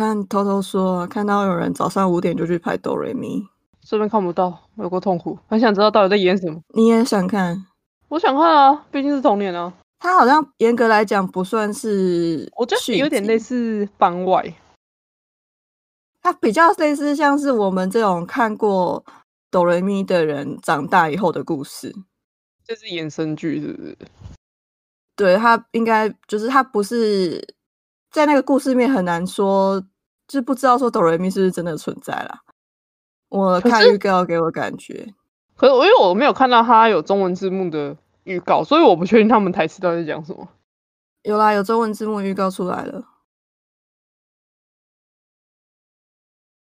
看，偷偷說，看到有人早上五點就去拍《哆瑞咪》，這邊看不到，有多痛苦。很想知道到底在演什麼？你也想看？我想看啊，畢竟是童年啊。它好像嚴格來講不算是，我覺得有點類似番外。它比較類似像是我們這種看過《哆瑞咪》的人長大以後的故事。這是衍生劇是不是？對，它應該就是它不是。在那個故事裡面很難說，就不知道說哆瑞咪是不是真的存在啦。我看預告給我感覺，可是，可是我因為我沒有看到他有中文字幕的預告，所以我不確定他們台詞到底講什麼？有啦，有中文字幕預告出來了。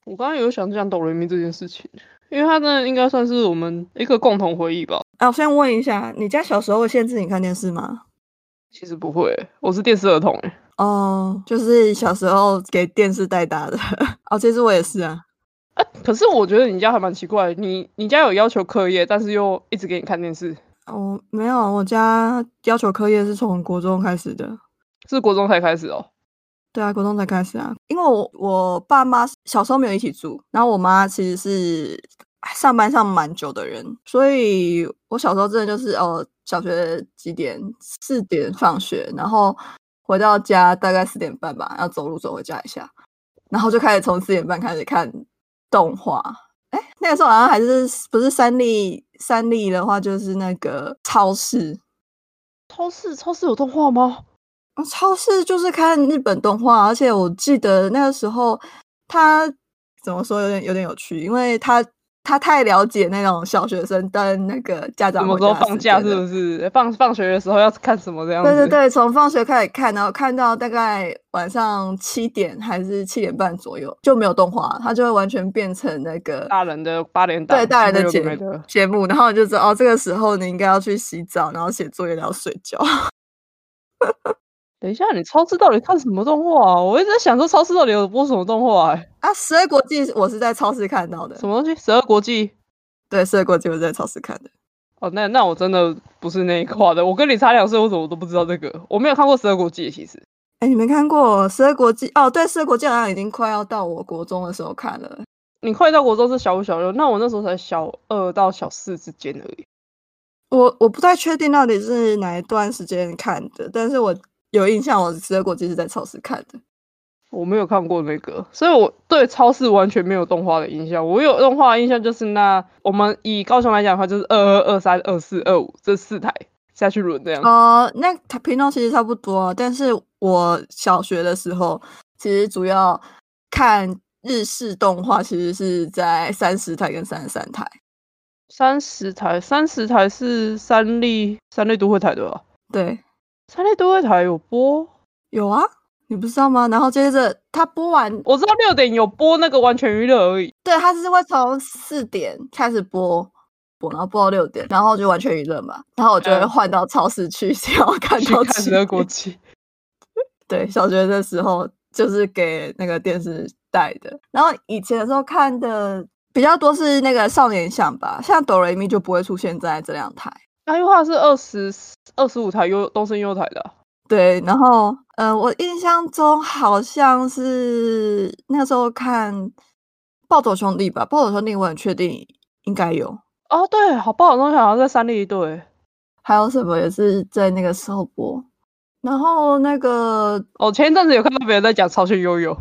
我剛剛有想講哆瑞咪這件事情，因為他呢應該算是我們一個共同回憶吧。啊，我先問一下，你家小時候會限制你看電視嗎？其實不會欸，我是電視兒童欸。哦，就是小時候給電視帶大的哦，其實我也是啊。欸、可是我覺得你家還蠻奇怪，你你家有要求課業，但是又一直給你看電視。哦，沒有，我家要求課業是從國中開始的，是國中才開始哦。對啊，國中才開始啊，因為我我爸媽小時候沒有一起住，然後我媽其實是上班上蠻久的人，所以我小時候真的就是哦、呃，小學幾點，四點放學，然後。回到家大概四點半吧，要走路走回家一下，然後就開始從四點半開始看動畫。哎、欸，那個時候好像還是不是三立，三立的話，就是那個超視，超視，超視有動畫嗎？超視就是看日本動畫，而且我記得那個時候它怎麼說有點有點有趣，因為它。他太了解那種小學生跟那個家長，什麼時候放假是不是？放放學的時候要看什麼這樣？對對對，從放學開始看，然後看到大概晚上七點還是七點半左右就沒有動畫，他就會完全變成那個大人的八點檔，對大人的節有有節目，然後你就知道哦，這個時候你應該要去洗澡，然後寫作業，然後睡覺。 等一下，你超市到底看什麼動畫啊？我一直在想說，超市到底有播什麼動畫、欸、啊。啊，《十二國記》我是在超市看到的。什麼東西，十二國對《十二國記》？對，《十二國記》我在超市看的。哦，那那我真的不是那一塊的。我跟你差兩歲，我怎麼都不知道這個？我沒有看過《十二國記》其實。哎、欸，你沒看過《十二國記》？哦，對，《十二國記》好像已經快要到我國中的時候看了。你快到國中是小五小六，那我那時候才小二到小四之間而已。我我不太確定到底是哪一段時間看的，但是我。有印象，我只吃過，就是在超市看的。我沒有看過那個，所以我對超市完全沒有動畫的印象。我有動畫的印象就是，那我們以高雄來講的話，就是二二二三、二四二五這四台下去輪這樣。哦、呃，那頻道其實差不多。但是我小學的時候其實主要看日式動畫，其實是在三十台跟三十三台。三十台，三十台是三立，三立都會台對吧、啊？對。三立都會台有播，有啊，你不知道嗎？然後接着他播完，我知道六點有播那個完全娛樂而已。對，他是會從四點開始播，播然後播到六點，然後就完全娛樂嘛。然後我就會換到超市去，然後、欸、看到七。去看德國劇。 對，小學的時候就是給那個電視帶的。然後以前的時候看的比較多是那個少年向吧，像哆啦 A 夢就不會出現在這兩台。台語話是二十二十五台優東森優台的、啊，對，然後，呃，我印象中好像是那時候看暴《暴走兄弟》吧，《暴走兄弟》我很確定應該有哦，對，好，好，暴走兄弟好像在三立一隊，還有什麼也是在那個時候播，然後那個，哦，前一陣子有看到別人在講超速悠悠《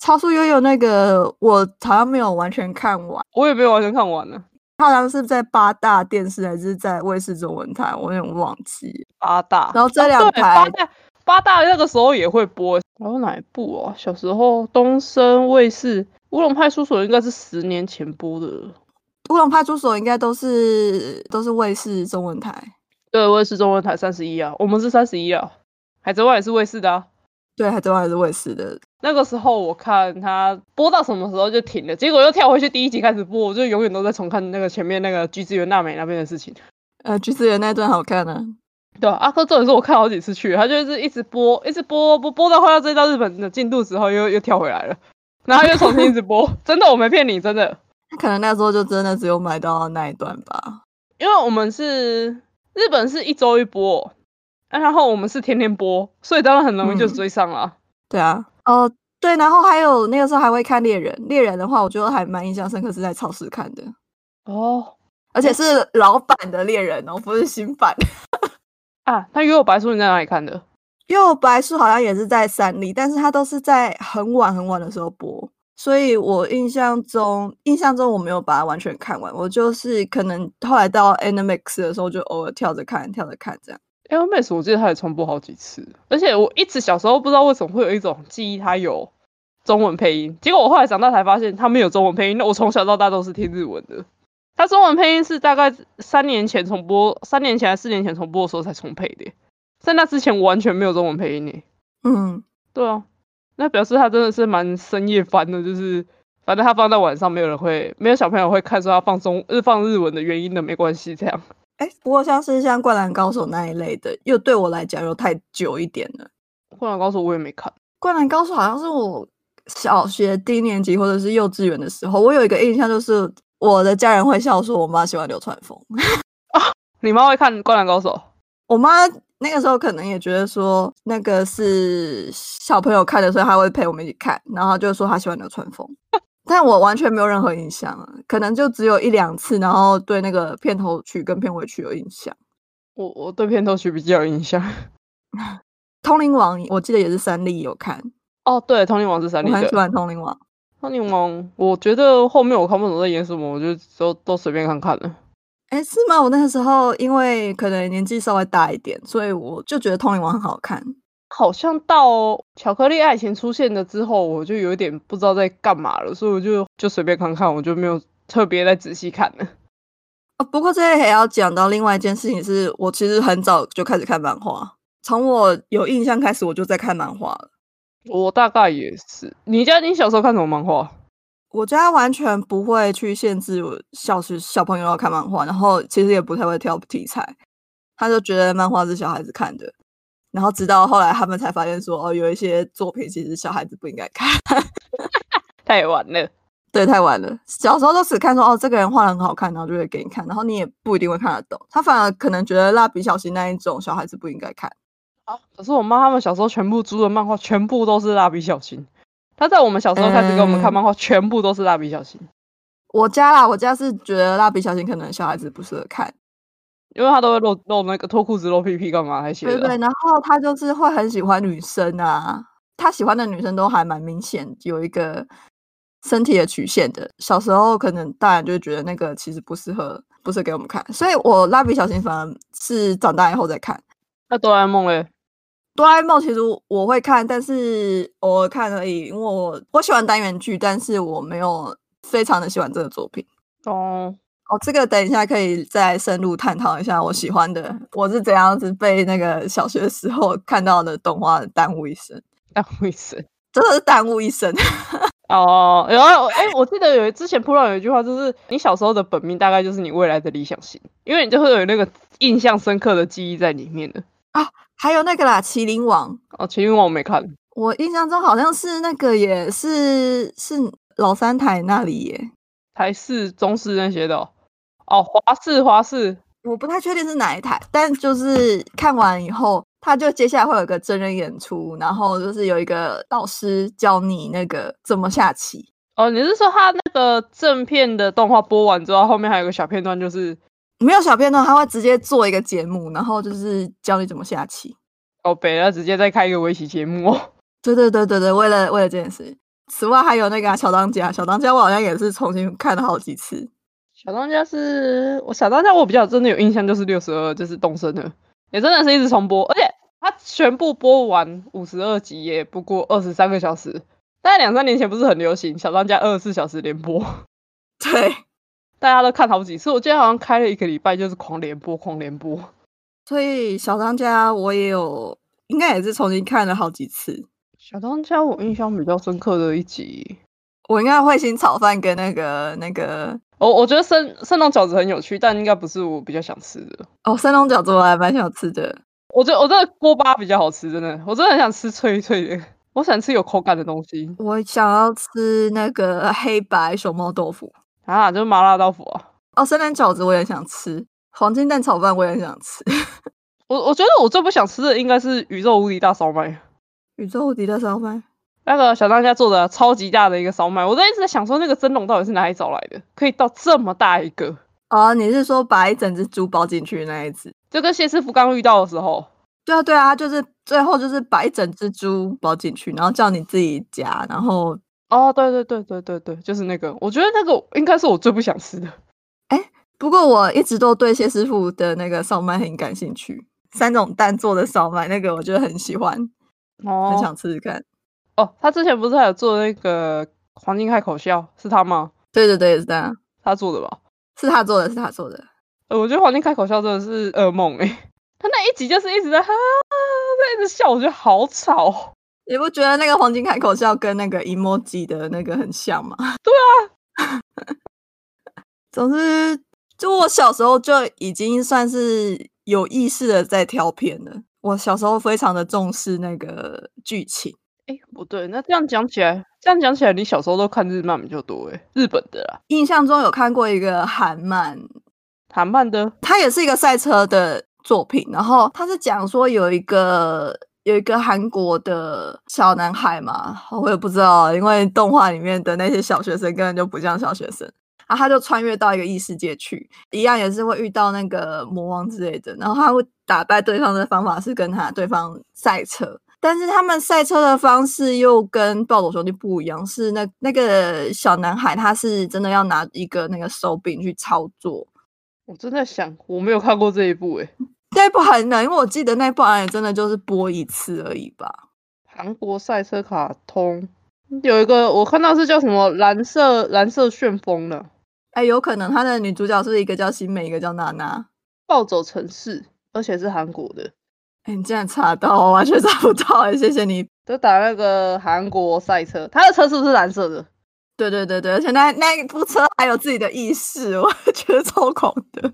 超速悠悠》，《超速悠悠》那個我好像沒有完全看完，我也沒有完全看完了、啊。它好像是在八大電視還是在衛視中文台，我有點忘記。八大，然後這兩台、啊，八大，八大那個時候也會播。還有哪一部哦、啊，小時候東森衛視《烏龍派出所》應該是十年前播的，《烏龍派出所》應該都是都是衛視中文台。對，衛視中文台三十一啊，我們是三十一啊，《海賊王》也是衛視的啊。對，他最後還是衛視的。那個時候我看他播到什麼時候就停了，結果又跳回去第一集開始播，我就永遠都在重看那個前面那個橘子園娜美那邊的事情。呃，橘子園那段好看啊。對，阿、啊、科重點是我看好幾次去，他就是一直播，一直播，播播到快要追到日本的進度之後又又跳回來了，然後又重新一直播。 真的，我沒騙你，真的。他可能那時候就真的只有買到的那一段吧，因為我們是日本是一周一播。那、啊、然後我們是天天播，所以當然很容易就追上了，嗯。對啊，哦、呃、對，然後還有那個時候還會看獵人《獵人》，《獵人》的話，我覺得還蠻印象深刻，是在超視看的。哦，而且是老版的《獵人》哦，不是新版。 啊，那《幽遊白書》你在哪裡看的？因為《幽遊白書》好像也是在三立，但是他都是在很晚很晚的時候播，所以我印象中，印象中我沒有把它完全看完，我就是可能後來到 Animax 的時候就偶爾跳着看，跳着看這樣。LMS，、欸、我，我記得它也重播好幾次，而且我一直小時候不知道為什麼會有一種記憶，它有中文配音，結果我後來長大才發現它沒有中文配音。那我從小到大都是聽日文的，它中文配音是大概三年前重播，三年前還是四年前重播的時候才重配的，在那之前完全沒有中文配音呢。嗯，對啊，那表示它真的是蠻深夜番的，就是反正它放在晚上，沒有人會，沒有小朋友會看，說它放中日放日文的原因的，沒關係這樣。哎，不過像是像《灌籃高手》那一類的，又對我來講又太久一點了。《灌籃高手》我也沒看，《灌籃高手》好像是我小學低年級或者是幼稚園的時候，我有一個印象，就是我的家人會笑說，我媽喜歡流川楓。 啊，你媽會看《灌籃高手》？我媽那個時候可能也覺得說，那個是小朋友看的時候，她會陪我們一起看，然後就說她喜歡流川楓。 但我完全沒有任何印象，可能就只有一兩次，然後對那個片頭曲跟片尾曲有印象。我我對片頭曲比較有印象，《 通靈王》我記得也是三立有看哦。對，《通靈王》是三立，我很喜歡《通靈王》。《通靈王》我覺得後面我看不懂在演什麼，我就都都隨便看看了。誒、欸、是嗎？我那時候因為可能年紀稍微大一點，所以我就覺得《通靈王》很好看。好像到《巧克力愛情》出現了之後，我就有點不知道在幹嘛了，所以我就就隨便看看，我就沒有特別再仔細看了。啊、哦，不過這裡還要講到另外一件事情，是我其實很早就開始看漫畫，從我有印象開始我就在看漫畫了。我大概也是。你家你小時候看什麼漫畫？我家完全不會去限制我小時小朋友要看漫畫，然後其實也不太會挑題材，他就覺得漫畫是小孩子看的。然後直到後來，他們才發現說，哦，有一些作品其實小孩子不應該看， 太晚了，對，太晚了。小時候都只看說，哦，這個人畫的很好看，然後就會給你看，然後你也不一定會看得懂。他反而可能覺得《蠟筆小新》那一種小孩子不應該看。好，可是我媽他們小時候全部租的漫畫全部都是《蠟筆小新》，他在我們小時候開始給我們看漫畫，嗯、全部都是《蠟筆小新》。我家啦，我家是覺得《蠟筆小新》可能小孩子不適合看。因為他都會露露那個脫褲子露屁屁幹嘛？還喜歡對對，然後他就是會很喜歡女生啊，他喜歡的女生都還蠻明顯有一個身體的曲線的。小時候可能大人就覺得那個其實不適合，不適合給我們看，所以我蠟筆小新反而是長大以後再看。那哆啦 A 夢嘞？哆啦 A 夢其實我會看，但是偶爾看而已，因為我我喜歡單元劇，但是我沒有非常的喜歡這個作品。哦。哦，這個等一下可以再深入探討一下。我喜歡的，我是怎樣子被那個小學時候看到的動畫耽誤一生，耽誤一生，真的是耽誤一生。哦，然後哎，我記得有之前普到有一句話，就是你小時候的本命大概就是你未來的理想型，因為你就會有那個印象深刻的記憶在裡面的啊。還有那個啦，麒哦《麒麟王》哦，《麒麟王》我沒看。我印象中好像是那個，也是是老三台那裡耶，台視、中視那些的，哦。哦，華視華視，我不太確定是哪一台，但就是看完以後，他就接下來會有個真人演出，然後就是有一個導師教你那個怎麼下棋。哦，你是說他那個正片的動畫播完之後，後面還有個小片段？就是沒有小片段，他會直接做一個節目，然後就是教你怎麼下棋。哦，北了，直接再開一個圍棋節目哦。對 對對對對，為了為了這件事。此外還有那個小當家，小當家我好像也是重新看了好幾次。小當家是我小當家，我比較真的有印象就是六十二，就是東森了，也真的是一直重播，而且它全部播完五十二集也不過二十三個小時，大概兩三年前不是很流行小當家二十四小時連播，對，大家都看好幾次，我記得好像開了一個禮拜就是狂連播，狂連播，所以小當家我也有，應該也是重新看了好幾次。小當家我印象比較深刻的一集。我應該會心炒飯跟那個那個，我、oh, 我覺得昇昇龍餃子很有趣，但應該不是我比較想吃的。哦，昇龍餃子我還蠻想吃的。我覺得我這鍋巴比較好吃，真的，我真的很想吃脆脆的。我想吃有口感的東西。我想要吃那個黑白熊貓豆腐啊，ah, 就是麻辣豆腐啊。哦，昇龍餃子我也想吃，黃金蛋炒飯我也想吃。 我我覺得我最不想吃的應該是宇宙無敵大燒麥。宇宙無敵大燒麥。那個小當家做的超級大的一個燒麥，我在一直在想說，那個蒸籠到底是哪裡找來的，可以到這麼大一個啊、呃？你是說把一整隻豬包進去那一次？就跟謝師傅剛遇到的時候，對啊對啊，就是最後就是把一整隻豬包進去，然後叫你自己夾，然後哦，對對對對對對，就是那個，我覺得那個應該是我最不想吃的。哎，不過我一直都對謝師傅的那個燒麥很感興趣，三種蛋做的燒麥那個，我就很喜歡，哦，很想吃吃看。哦，他之前不是還有做那個黃金開口笑，是他嗎？對對對，是這樣，他做的吧？是他做的，是他做的。呃、哦，我覺得黃金開口笑真的是噩夢誒、欸，他那一集就是一直在哈，在一直笑，我覺得好吵。你不覺得那個黃金開口笑跟那個 emoji 的那個很像嗎？對啊， 總之，就我小時候就已經算是有意識的在挑片了。我小時候非常的重視那個劇情。哎、欸，不對，那這樣講起來，這樣講起來，你小時候都看日漫比較多哎，日本的啦。印象中有看過一個韓漫，韓漫的，他也是一個賽車的作品，然後他是講說有一個有一個韓國的小男孩嘛，我也不知道，因為動畫裡面的那些小學生根本就不像小學生，然後他就穿越到一個異世界去，一樣也是會遇到那個魔王之類的，然後他會打敗對方的方法是跟他對方賽車。但是他們賽車的方式又跟《暴走兄弟》不一樣，是那那個小男孩，他是真的要拿一個那個手柄去操作。我真的在想，我沒有看過這一部、欸，誒。那部很難，因為我記得那一部好像也真的就是播一次而已吧。韓國賽車卡通有一個，我看到是叫什麼《藍色藍色旋風》的。哎，有可能他的女主角是一個叫星美，一個叫娜娜。暴走城市，而且是韓國的。欸、你竟然查到，我完全找不到哎、欸！謝謝你，就打那個韓國賽車，他的車是不是藍色的？對對對對，而且那那一部車還有自己的意識，我覺得超恐怖的。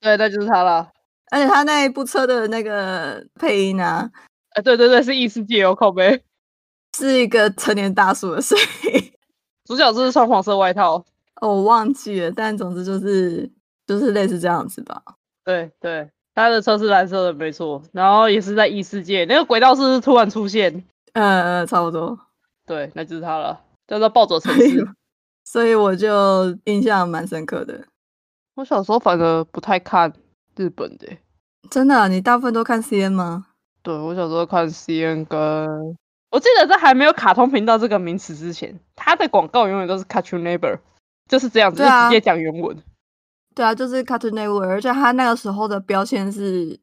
對，那就是他了。而且他那一部車的那個配音啊，哎、欸，對對對，是異、e、世界有口碑、欸，是一個成年大叔的聲音。主角就是穿黃色外套、哦，我忘記了，但總之就是就是類似這樣子吧。對對。對他的車是藍色的，沒錯，然後也是在異、e、世界。那個軌道是不是突然出現？嗯嗯、呃，差不多。對，那就是他了，叫、就、做、是、暴走城市。所以我就印象蠻深刻的。我小時候反而不太看日本的、欸，真的、啊？你大部分都看 CN 嗎？對，我小時候看 CN 跟，我記得在還沒有卡通頻道這個名詞之前，它的廣告永遠都是 Catch Your Neighbor，就是這樣子，啊、就直接講原文。對啊，就是 Cartoon Network，而且他那個時候的標籤是，一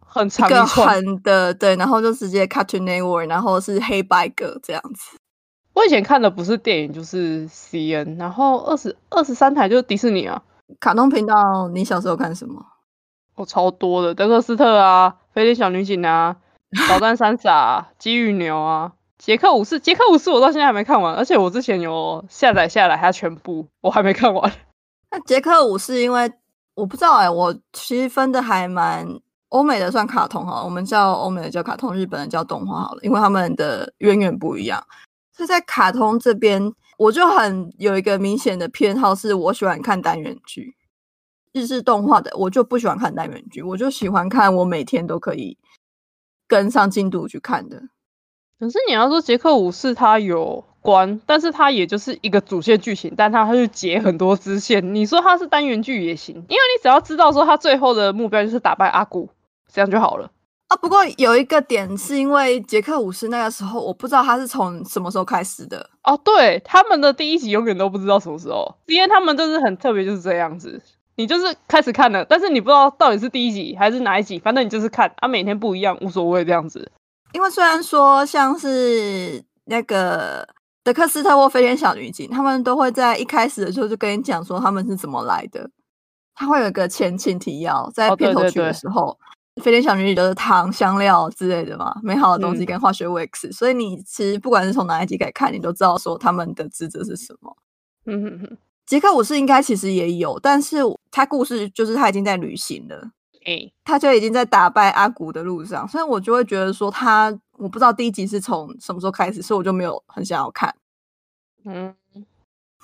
個很長的，很對，然後就直接 Cartoon Network，然後是黑白格這樣子。我以前看的不是電影就是 CN，然後二十二十三台就是迪士尼啊，卡通頻道。你小時候看什麼？我超多的，德克斯特啊，飛天小女警啊，搗蛋三傻、啊，雞與 牛啊，杰克武士，傑克武士我到現在還沒看完，而且我之前有下載下來，它全部我還沒看完。那《傑克武士》是因為我不知道哎、欸，我其實分的還蠻歐美的，算卡通哈，我們叫歐美的叫卡通，日本人叫動畫好了，因為他們的淵源不一樣。所以在卡通這邊，我就很有一個明顯的偏好，是我喜歡看單元劇，日式動畫的我就不喜歡看單元劇，我就喜歡看我每天都可以跟上進度去看的。可是你要說《傑克武士》，他有關，但是它也就是一個主線劇情，但它它就結很多支線。嗯、你說它是單元劇也行，因為你只要知道說它最後的目標就是打敗阿古，這樣就好了啊。不過有一個點是因為傑克武士那個時候，我不知道他是從什麼時候開始的哦、啊。對，他們的第一集永遠都不知道什麼時候，因為他們就是很特別就是這樣子。你就是開始看了，但是你不知道到底是第一集還是哪一集，反正你就是看啊，每天不一樣無所謂這樣子。因為雖然說像是那個。德克斯特或飛天小女警，他們都會在一開始的時候就跟你講說他們是怎麼來的，他會有一個前情提要，在片頭曲的時候，哦、對對對飛天小女警就是糖、香料之類的嘛，美好的東西跟化學物質，嗯、所以你其實不管是從哪一集可以看，你都知道說他們的職責是什麼？傑、嗯、哼哼克，武士應該其實也有，但是他故事就是他已經在旅行了，誒、哎，他就已經在打敗阿古的路上，所以我就會覺得說他，我不知道第一集是從什麼時候開始，所以我就沒有很想要看。嗯，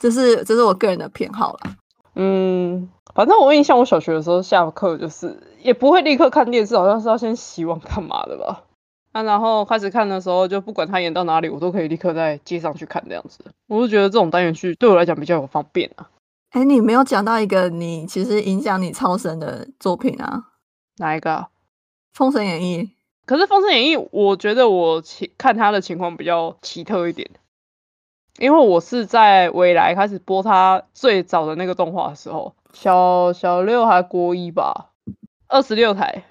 這是這是我個人的偏好啦。嗯，反正我印象，我小學的時候下課就是也不會立刻看電視，好像是要先洗碗幹嘛的吧。那、啊、然後開始看的時候，就不管他演到哪裡，我都可以立刻在街上去看這樣子。我就覺得這種單元劇對我來講比較有方便啊。哎，你沒有講到一個你其實影響你超深的作品啊？哪一個、啊？《封神演義》。可是《封神演義》，我覺得我奇看他的情況比較奇特一點。因為我是在緯來開始播他最早的那個動畫的時候，小小六還國一吧，二十六台，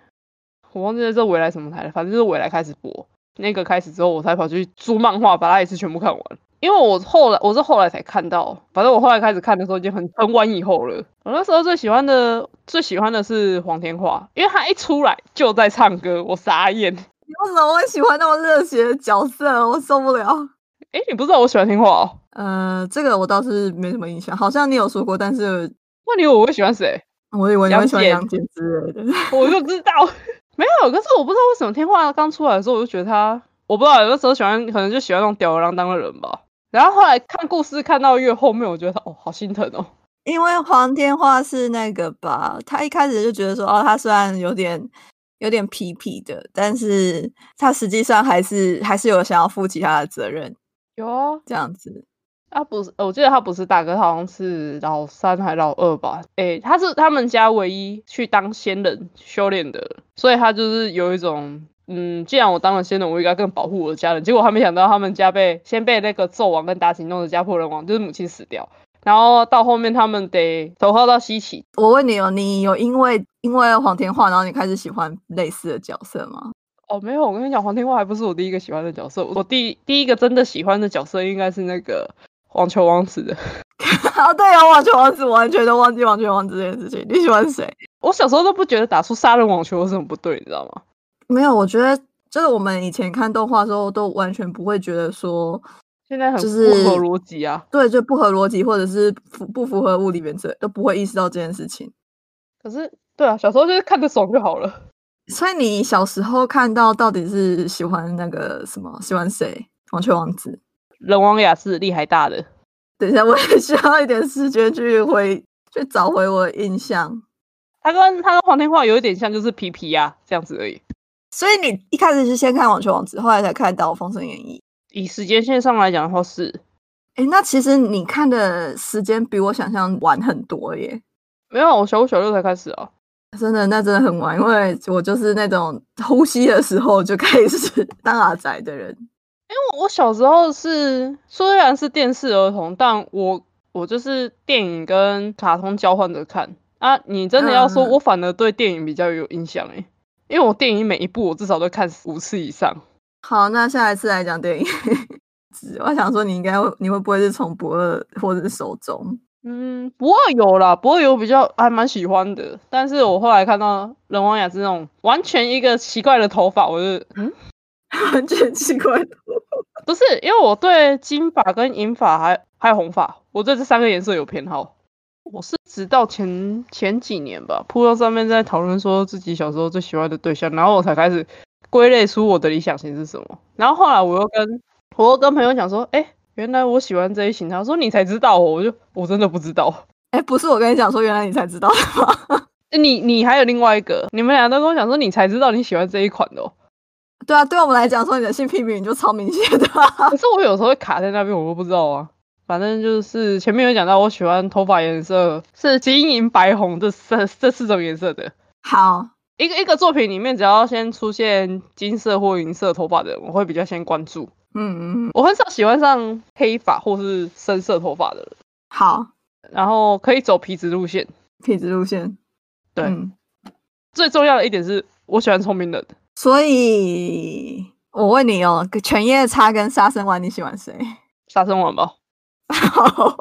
我忘記在是緯來什麼台了，反正是緯來開始播那個開始之後，我才跑去租漫畫把它一次全部看完。因為我後來我是後來才看到，反正我後來開始看的時候已經很很晚以後了。我那時候最喜歡的最喜歡的是黃天化，因為他一出來就在唱歌，我傻眼。你為什麼我會喜歡那麼熱血的角色啊？我受不了。哎，你不知道我喜歡天化哦。呃，這個我倒是沒什麼印象，好像你有說過，但是問題我會喜歡誰？我以為你會喜歡楊戩之類的，我就知道 沒有。可是我不知道為什麼天化剛出來的時候，我就覺得他，我不知道有的時候喜歡，可能就喜歡那種吊兒郎當的人吧。然後後來看故事看到越後面，我覺得他哦，好心疼哦，因為黃天化是那個吧，他一開始就覺得說，哦，他雖然有點有點痞痞的，但是他實際上還是還是有想要負起他的責任。有啊，這樣子，他不是，我記得他不是大哥，他好像是老三還是老二吧？哎、欸，他是他們家唯一去當仙人修煉的，所以他就是有一種，嗯，既然我當了仙人，我應該更保護我的家人。結果他沒想到，他們家被先被那個紂王跟妲己弄得家破人亡，就是母親死掉，然後到後面他們得投靠到西岐。我問你哦，你有因為因為黃天化，然後你開始喜歡類似的角色嗎？哦，沒有，我跟你講，黃天化還不是我第一個喜歡的角色。我第第一個真的喜歡的角色應該是那個網球王子的。 啊，對啊，網球王子我完全都忘記網球王子這件事情。你喜歡誰？我小時候都不覺得打出殺人網球是什麼不對，你知道嗎？沒有，我覺得就是我們以前看動畫的時候都完全不會覺得說現在很不合邏輯啊。對，就不合邏輯，或者是不，不符合物理原則，都不會意識到這件事情。可是，對啊，小時候就是看着爽就好了。所以你小時候看到到底是喜歡那個什麼？喜歡誰？網球王子，仁王雅是厲害大的。等一下，我也需要一點時間去回去找回我的印象。他跟他跟黃天化有一點像，就是皮皮呀這樣子而已。所以你一開始是先看網球王，王子，後來才看到《封神演義》。以時間線上來講的話是，哎、欸，那其實你看的時間比我想象晚很多耶。沒有，我小五小六才開始哦。真的，那真的很玩，因為我就是那種呼吸的時候就開始當阿宅的人。因為、欸、我小時候是雖然是電視兒童，但我我就是電影跟卡通交換着看啊。你真的要說，我反而對電影比較有印象誒、欸，嗯、因為我電影每一部我至少都看五次以上。好，那下一次來講電影， 我想說你應該會，你會不會是從伯二或者是手中？嗯，不會有啦，不會有比較還蠻喜歡的。但是我後來看到仁王雅治那種完全一個奇怪的頭髮，我就嗯，完全奇怪的，不是因為我對金髮跟銀髮還還有紅髮，我對這三個顏色有偏好。我是直到前前幾年吧，鋪到上面在討論說自己小時候最喜歡的對象，然後我才開始歸類出我的理想型是什麼。然後後來我又跟我又跟朋友講說，哎、欸。原來我喜歡這一型，他說你才知道、喔、我就我真的不知道。誒、欸、不是我跟你講說原來你才知道的嗎？欸、你你還有另外一個，你們倆都跟我講說你才知道你喜歡這一款的、喔。對啊，對我們來講說你的性癖別你就超明顯的、啊。可是我有時候會卡在那邊，我都不知道啊。反正就是前面有講到，我喜歡頭髮顏色是金銀白紅這三這四種顏色的。好，一個一個作品裡面只要先出現金色或銀色頭髮的，我會比較先關注。嗯嗯嗯，我很少喜歡上黑髮或是深色頭髮的人。好，然後可以走皮質路線，皮質路線。對，嗯、最重要的一點是我喜歡聰明的。所以我問你哦，犬夜叉跟殺生丸你喜歡誰？殺生丸吧。好，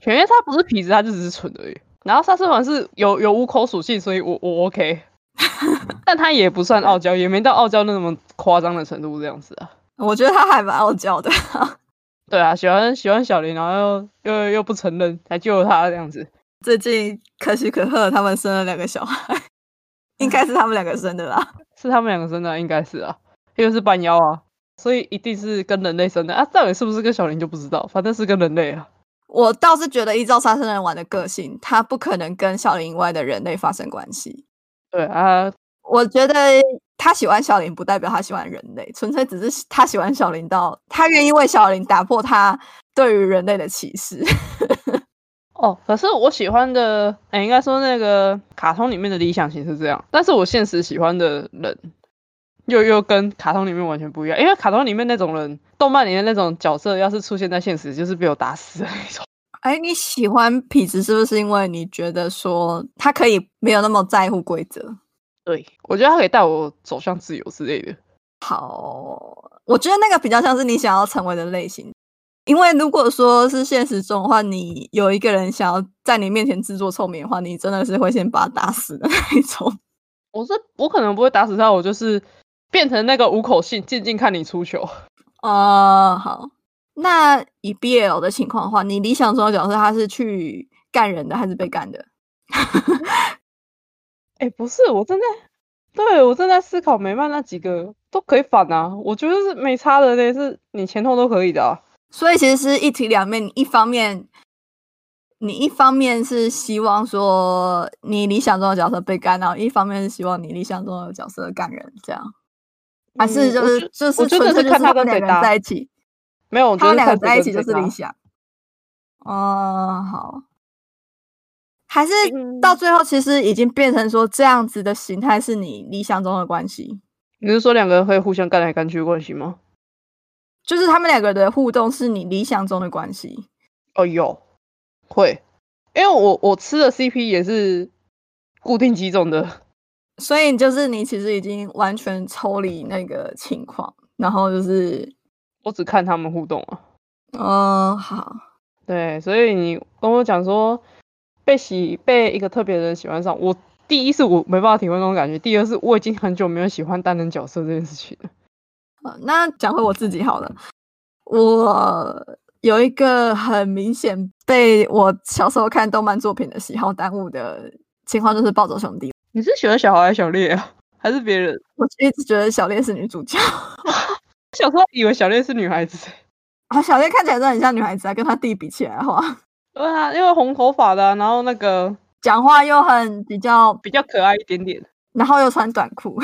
犬夜叉不是皮質，它就只是蠢而已。然後殺生丸是有有無口屬性，所以我我 OK。 但他也不算傲嬌，也沒到傲嬌那麼誇張的程度，這樣子啊。我覺得他還蠻傲嬌的，啊，對啊，喜歡喜歡小林，然後又又又不承認，還救了他這樣子。最近可喜可賀他們生了兩個小孩， 應該是他們兩個生的啦，是他們兩個生的，應該是啊，因為是半妖啊，所以一定是跟人類生的啊，到底是不是跟小林就不知道，反正是跟人類啊。我倒是覺得，依照殺生人丸的個性，他不可能跟小林以外的人類發生關係。對啊。我覺得他喜歡小林，不代表他喜歡人類，純粹只是他喜歡小林到他願意為小林打破他對於人類的歧視。 哦，可是我喜歡的，哎，應該說那個卡通裡面的理想型是這樣，但是我現實喜歡的人又又跟卡通裡面完全不一樣，因為卡通裡面那種人，動漫裡面那種角色，要是出現在現實，就是被我打死的那種。哎，你喜歡痞子，是不是因為你覺得說他可以沒有那麼在乎規則？對，我覺得他可以帶我走向自由之類的。好，我覺得那個比較像是你想要成為的類型，因為如果說是現實中的話，你有一個人想要在你面前制作臭棉花，你真的是會先把他打死的那一種。我是我可能不會打死他，我就是變成那個無口信，靜靜看你出球。哦、呃，好，那以 BL 的情況的話，你理想中的角色他是去幹人的還是被幹的？嗯 哎、欸，不是，我正在，對我正在思考，美漫那幾個都可以反啊。我覺得是沒差的，那是你前頭都可以的、啊。所以其實是一體兩面，你一方面，你一方面是希望說你理想中的角色被干擾，一方面是希望你理想中的角色,幹,的角色幹人，這樣。嗯、還是就是我就是純就是看他,跟是他們兩個在一起，沒有他們兩個在一起就是理想。哦、嗯，好。還是到最後，其實已經變成說這樣子的形態是你理想中的關係。你是說兩個人會互相幹來幹去的關係嗎？就是他們兩個的互動是你理想中的關係。哦，有會，欸，因為我我吃的 CP 也是固定幾種的，所以就是你其實已經完全抽離那個情況，然後就是我只看他們互動啊。哦、嗯，好，對，所以你跟我講說。被喜被一個特別的人喜歡上，我第一是我沒辦法體會那種感覺，第二是我已經很久沒有喜歡單人角色這件事情了。好、呃，那講回我自己好了，我有一個很明顯被我小時候看動漫作品的喜好耽誤的情況，就是暴走兄弟。你是喜歡小豪還是小烈啊？還是別人？我一直覺得小烈是女主角。 小時候以為小烈是女孩子啊，小烈看起來真的很像女孩子啊，跟她弟比起來的話，好吧。對啊，因為紅頭髮的，然後那個講話又很比較比較可愛一點點，然後又穿短褲，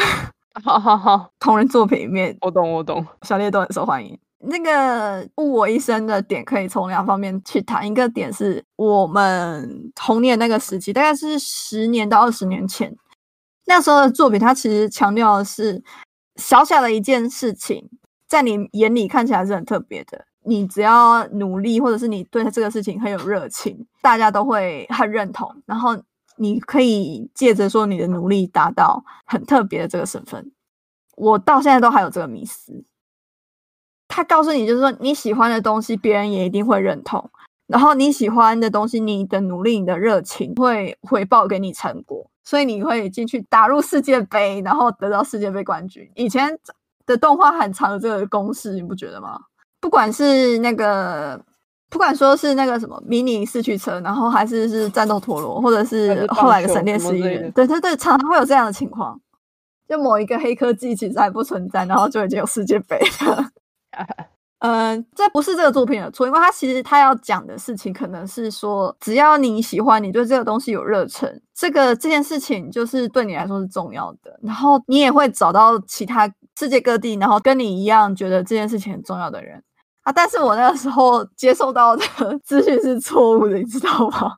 好好好，同人作品裡面我懂我懂，我懂小聶都很受歡迎。那個誤我一生的點可以從兩方面去談，一個點是我們童年那個時期，大概是十年到二十年前，那時候的作品，它其實強調的是小小的一件事情，在你眼裡看起來是很特別的。你只要努力，或者是你對這個事情很有熱情，大家都會很認同。然後你可以借着說你的努力，達到很特別的這個身份。我到現在都還有這個迷思。他告訴你，就是說你喜歡的東西，別人也一定會認同。然後你喜歡的東西，你的努力、你的熱情會回報給你成果，所以你會進去打入世界杯，然後得到世界杯冠軍。以前的動畫很長的這個公式，你不覺得嗎？不管是那個，不管說是那個什麼迷你四驅車，然後還是是戰鬥陀螺，或者是，是後來的閃電十一人。對，對，對，常常會有這樣的情況，就某一個黑科技其實還不存在，然後就已經有世界杯了。 嗯，這不是這個作品的錯，因為他其實他要講的事情可能是說，只要你喜歡，你對這個東西有熱忱，這個這件事情就是對你來說是重要的，然後你也會找到其他世界各地，然後跟你一樣覺得這件事情很重要的人。啊！但是我那個時候接受到的資訊是錯誤的，你知道嗎？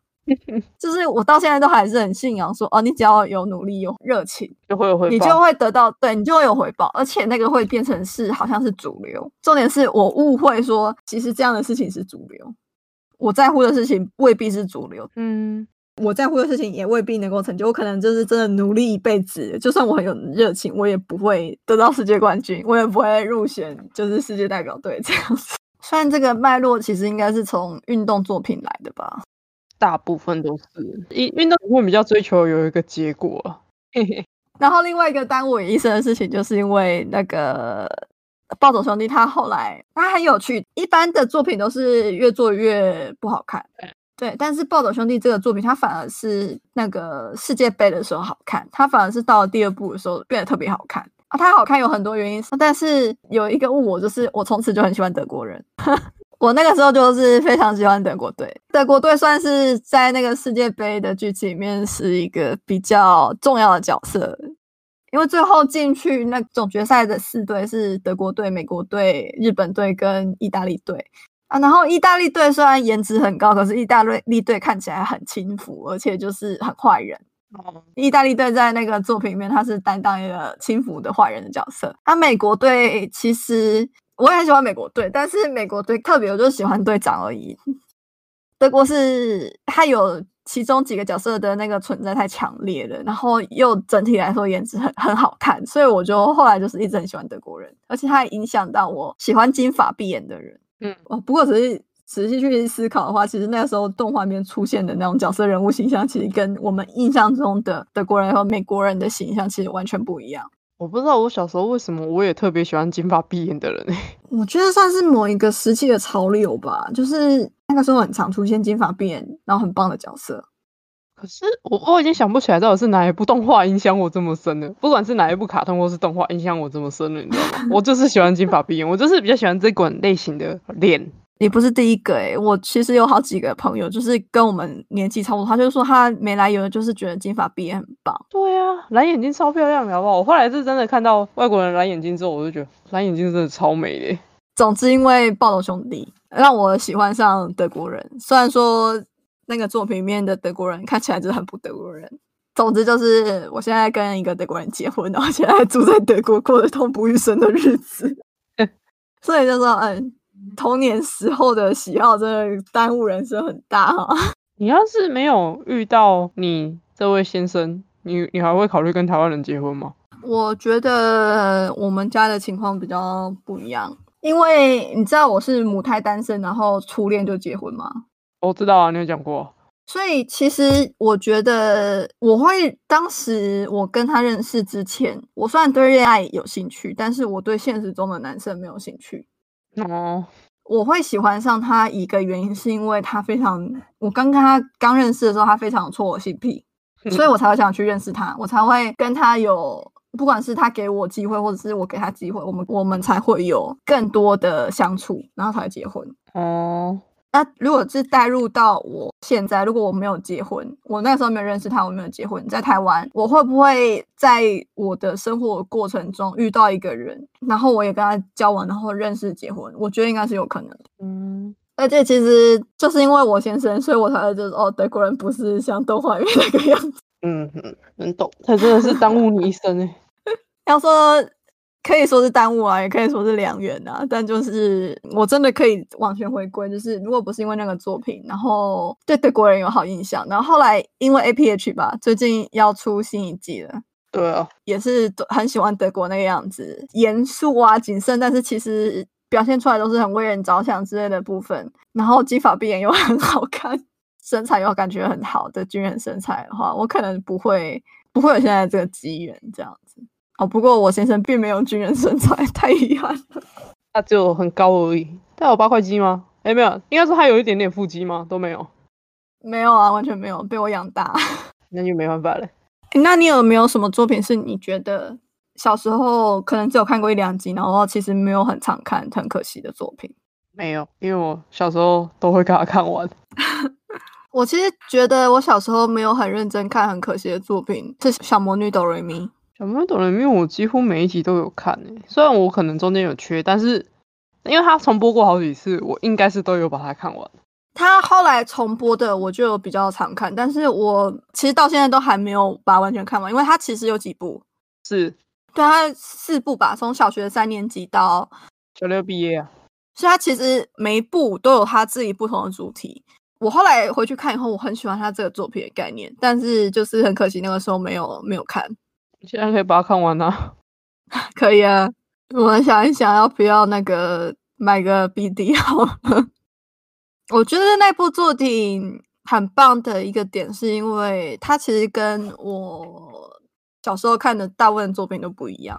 就是我到現在都還是很信仰說，說哦，你只要有努力、有熱情，就會有回報，你就會得到，對，你就會有回報，而且那個會變成是好像是主流。重點是我誤會說，其實這樣的事情是主流，我在乎的事情未必是主流。嗯。我在乎的事情也未必能夠成就，我可能就是真的努力一輩子，就算我很有熱情，我也不會得到世界冠軍，我也不會入選，就是世界代表隊這樣子。雖然這個脈絡其實應該是從運動作品來的吧，大部分都是運動作品比較追求有一個結果。 然後另外一個耽誤我一生的事情，就是因為那個暴走兄弟，他後來他很有趣，一般的作品都是越做越不好看。對，但是《暴走兄弟》這個作品，它反而是那個世界盃的時候好看，它反而是到了第二部的時候變得特別好看啊！它好看有很多原因，但是有一個誤我，就是我從此就很喜歡德國人。 我那個時候就是非常喜歡德國隊，德國隊算是在那個世界盃的劇情裡面是一個比較重要的角色，因為最後進去那總決賽的四隊是德國隊、美國隊、日本隊跟意大利隊。啊、然後意大利隊雖然顏值很高，可是意大利隊看起來很輕浮，而且就是很壞人。嗯、意大利隊在那個作品裡面，他是擔當一個輕浮的壞人的角色。他、啊、美國隊其實我也很喜歡美國隊，但是美國隊特別，我就喜歡隊長而已。德國是他有其中幾個角色的那個存在太強烈了，然後又整體來說顏值很很好看，所以我就後來就是一直很喜歡德國人，而且他也影響到我喜歡金髮碧眼的人。嗯，哦，不過仔細仔細去思考的話，其實那個時候動畫裡面出現的那種角色人物形象，其實跟我們印象中的德國人和美國人的形象其實完全不一樣。我不知道我小時候為什麼我也特別喜歡金髮碧眼的人誒。我覺得算是某一個時期的潮流吧，就是那個時候很常出現金髮碧眼然後很棒的角色。可是我，我已經想不起來到底是哪一部動畫影響我這麼深了。不管是哪一部卡通或是動畫，影響我這麼深了，你知道嗎？ 我就是喜歡金髮碧眼，我就是比較喜歡這款類型的臉。你不是第一個誒、欸、我其實有好幾個朋友，就是跟我們年紀差不多，他就是說他沒來由的，就是覺得金髮碧眼很棒。對呀、啊，藍眼睛超漂亮，你好不好？我後來是真的看到外國人藍眼睛之後，我就覺得藍眼睛真的超美的、欸。總之，因為《暴走兄弟》讓我喜歡上德國人，雖然說。那個作品面的德國人看起來就很不德國人。總之就是我現在跟一個德國人結婚，然後現在住在德國，過得痛不欲生的日子。欸、所以就是說，嗯、欸，童年時候的喜好真的耽誤人生很大哈、啊。你要是沒有遇到你這位先生，你你還會考慮跟台灣人結婚嗎？我覺得我們家的情況比較不一樣，因為你知道我是母胎單身，然後初戀就結婚嘛。我知道啊，你有講過。所以其實我覺得，我會當時我跟他認識之前，我雖然對戀愛有興趣，但是我對現實中的男生沒有興趣。哦、嗯，我會喜歡上他一個原因是因為他非常，我跟他剛認識的時候，他非常戳我性癖，嗯、所以我才會想去認識他，我才會跟他有，不管是他給我機會，或者是我給他機會，我們我們才會有更多的相處，然後才結婚。哦、嗯。那如果是代入到我現在，如果我沒有結婚，我那個時候沒有認識他，我沒有結婚，在台灣，我會不會在我的生活的過程中遇到一個人，然後我也跟他交往，然後認識結婚？我覺得應該是有可能。嗯，而且其實就是因為我先生，所以我才會就是哦，德國人不是像動畫裡面那個樣子。嗯嗯，能、嗯、懂，他真的是耽誤你一生哎。要 說。可以說是耽誤啊，也可以說是良緣啊。但就是我真的可以完全回歸，就是如果不是因為那個作品，然後對德國人有好印象，然後後來因為 APH 吧，最近要出新一季了，對啊，也是很喜歡德國那個樣子，嚴肅啊、謹慎，但是其實表現出來都是很為人着想之類的部分。然後金髮碧眼又很好看，身材又感覺很好的軍人身材的話，我可能不會不會有現在這個機緣這樣。哦，不過我先生並沒有軍人身材，太遺憾了。他只有很高而已，他有八塊肌嗎？哎、欸，沒有，應該是他有一點點腹肌嗎？都沒有，沒有啊，完全沒有被我養大，那就沒辦法了、欸。那你有沒有什麼作品是你覺得小時候可能只有看過一兩集，然後其實沒有很常看，很可惜的作品？沒有，因為我小時候都會給他看完。 我其實覺得我小時候沒有很認真看，很可惜的作品是《小魔女 DoReMi 小貓懂了面，我幾乎每一集都有看誒、欸。雖然我可能中間有缺，但是因為他重播過好幾次，我應該是都有把它看完。他後來重播的，我就比較常看。但是我其實到現在都還沒有把它完全看完，因為他其實有幾部，是，對，他四部吧，從小學三年級到小六畢業啊。所以，他其實每一部都有他自己不同的主題。我後來回去看以後，我很喜歡他這個作品的概念，但是就是很可惜那個時候沒有沒有看。現在可以把它看完了，啊，可以啊。我想一想，要不要那個買個 BD 好、哦、 我覺得那部作品很棒的一個點，是因為它其實跟我小時候看的大部分作品都不一樣。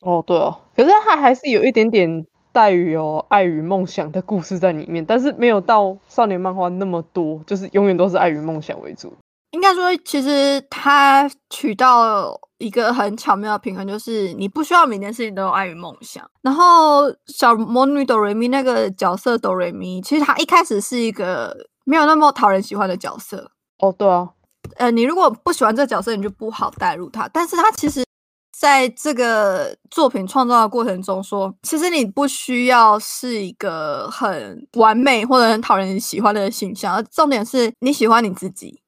哦，對哦。可是它還是有一點點帶有愛與夢想的故事在裡面，但是沒有到少年漫畫那麼多，就是永遠都是愛與夢想為主。應該說，其實他取到一個很巧妙的平衡，就是你不需要每件事情都有愛與夢想。然後小魔女哆瑞咪那個角色哆瑞咪，其實他一開始是一個沒有那麼討人喜歡的角色。哦，oh, 對啊，呃，你如果不喜歡這個角色，你就不好代入他。但是他其實在這個作品創造的過程中說，說其實你不需要是一個很完美或者很討人喜歡的形象，而重點是你喜歡你自己。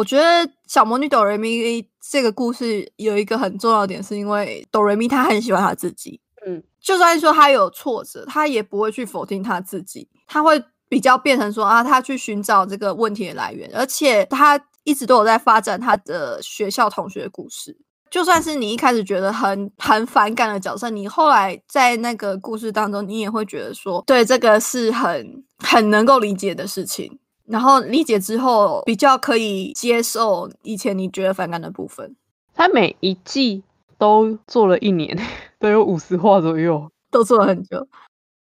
我覺得小魔女哆瑞咪這個故事有一個很重要點，是因為哆瑞咪她很喜歡她自己，嗯，就算說她有挫折，她也不會去否定她自己，她會比較變成說啊，她去尋找這個問題的來源，而且她一直都有在發展她的學校同學的故事。就算是你一開始覺得很很反感的角色，你後來在那個故事當中，你也會覺得說，對這個是很很能夠理解的事情。然後理解之後，比較可以接受以前你覺得反感的部分。他每一季都做了一年，都有五十話左右，都做了很久。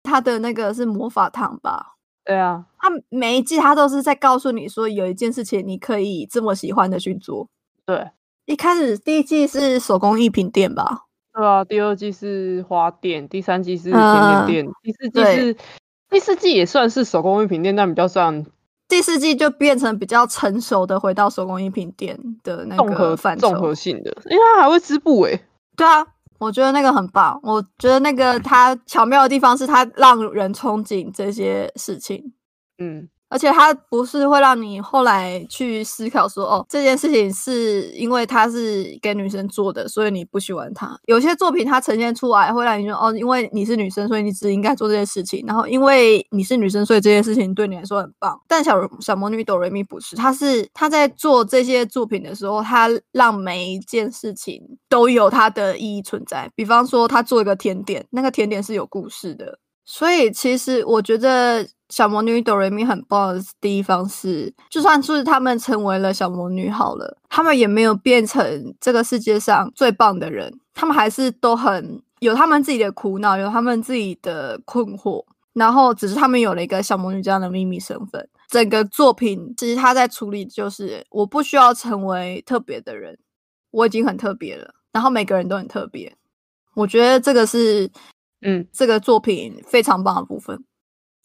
他的那個是魔法堂吧？對啊，他每一季他都是在告訴你說，有一件事情你可以這麼喜歡的去做。對，一開始第一季是手工藝品店吧？對啊，第二季是花店，第三季是甜品店，嗯、第四季是對第四季也算是手工藝品店，但比較算。第四季就變成比較成熟的，回到手工藝品店的那個範疇，綜合綜合性的，因、欸、為它還會織布哎、欸，對啊，我覺得那個很棒，我覺得那個它巧妙的地方是它讓人憧憬這些事情，嗯。而且他不是會讓你後來去思考說，哦，這件事情是因為他是給女生做的，所以你不喜歡他。有些作品他呈現出來會讓你說，哦，因為你是女生，所以你只應該做這件事情。然後因為你是女生，所以這件事情對你來說很棒。但小小魔女哆瑞咪不是，他是他在做這些作品的時候，他讓每一件事情都有它的意義存在。比方說，他做一個甜點，那個甜點是有故事的。所以其實我覺得。小魔女 DoReMi 很棒的地方是，就算就是他們成為了小魔女好了，他們也沒有變成這個世界上最棒的人，他們還是都很有他們自己的苦惱，有他們自己的困惑，然後只是他們有了一個小魔女這樣的秘密身份。整個作品其實他在處理就是，我不需要成為特別的人，我已經很特別了，然後每個人都很特別。我覺得這個是，嗯，這個作品非常棒的部分。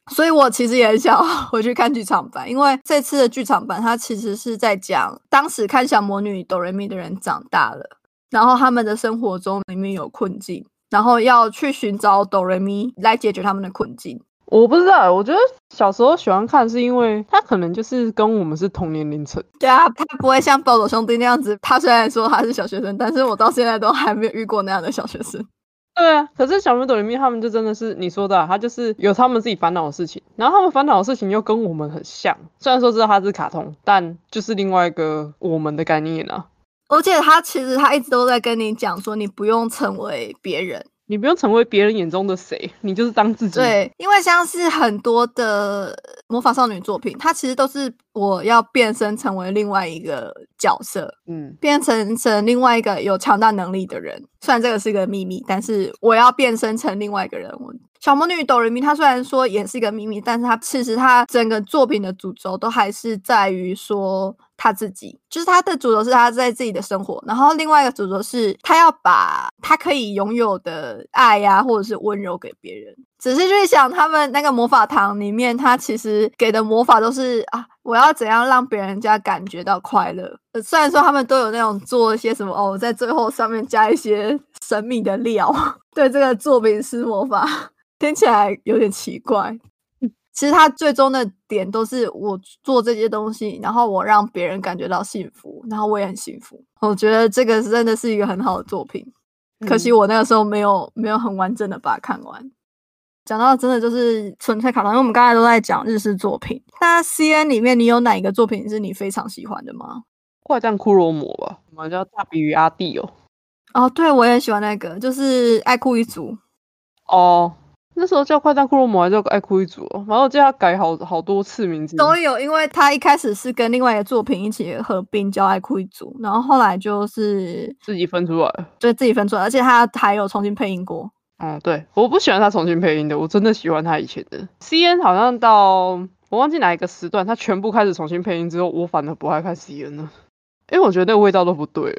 所以，我其實也很想回去看劇場版，因為這次的劇場版它其實是在講，當時看小魔女哆瑞咪的人長大了，然後他們的生活中裡面有困境，然後要去尋找哆瑞咪來解決他們的困境。我不知道，我覺得小時候喜歡看是因為他可能就是跟我們是同年齡層。對啊，他不會像爆走兄弟那樣子。他雖然說他是小學生，但是我到現在都還沒有遇過那樣的小學生。對啊，可是小明朵裡面他們就真的是你說的、啊，他就是有他們自己煩惱的事情，然後他們煩惱的事情又跟我們很像。雖然說知道他是卡通，但就是另外一個我們的概念啊。而且他其實他一直都在跟你講說，你不用成為別人。你不用成為別人眼中的誰，你就是當自己。對，因為像是很多的魔法少女作品，它其實都是我要變身成為另外一個角色，嗯，變成成另外一個有強大能力的人。雖然這個是一個秘密，但是我要變身成另外一個人我。小魔女 DoReMi，她雖然說也是一個秘密，但是她其實她整個作品的主軸都還是在於說她自己，就是她的主軸是她在自己的生活，然後另外一個主軸是她要把她可以擁有的愛呀、啊，或者是溫柔給別人。只是就想他們那個魔法堂裡面，他其實給的魔法都是啊，我要怎樣讓別人家感覺到快樂？雖然說他們都有那種做一些什麼哦，在最後上面加一些神秘的料， 對，這個作品是魔法。聽起來有點奇怪。其實他最終的點都是我做這些東西，然後我讓別人感覺到幸福，然後我也很幸福。我覺得這個真的是一個很好的作品，嗯、可惜我那個時候沒有沒有很完整的把它看完。講到真的就是純粹卡通，因為我們剛才都在講日式作品。那 C N 裡面你有哪一個作品是你非常喜歡的嗎？怪誕骷髏魔吧，我們叫大比魚阿弟哦。哦，對我也喜歡那個，就是愛哭一族哦。Oh. 那時候叫《快大骷髏》還是叫《愛哭一族》？然後我記得他改好好多次名字。都有，因為他一開始是跟另外一個作品一起合併叫《愛哭一族》，然後後來就是自己分出來了，對，自己分出來，而且他還有重新配音過。哦、嗯，對，我不喜歡他重新配音的，我真的喜歡他以前的。C N 好像到我忘記哪一個時段，他全部開始重新配音之後，我反而不愛看 C N 了，因為我覺得那個味道都不對。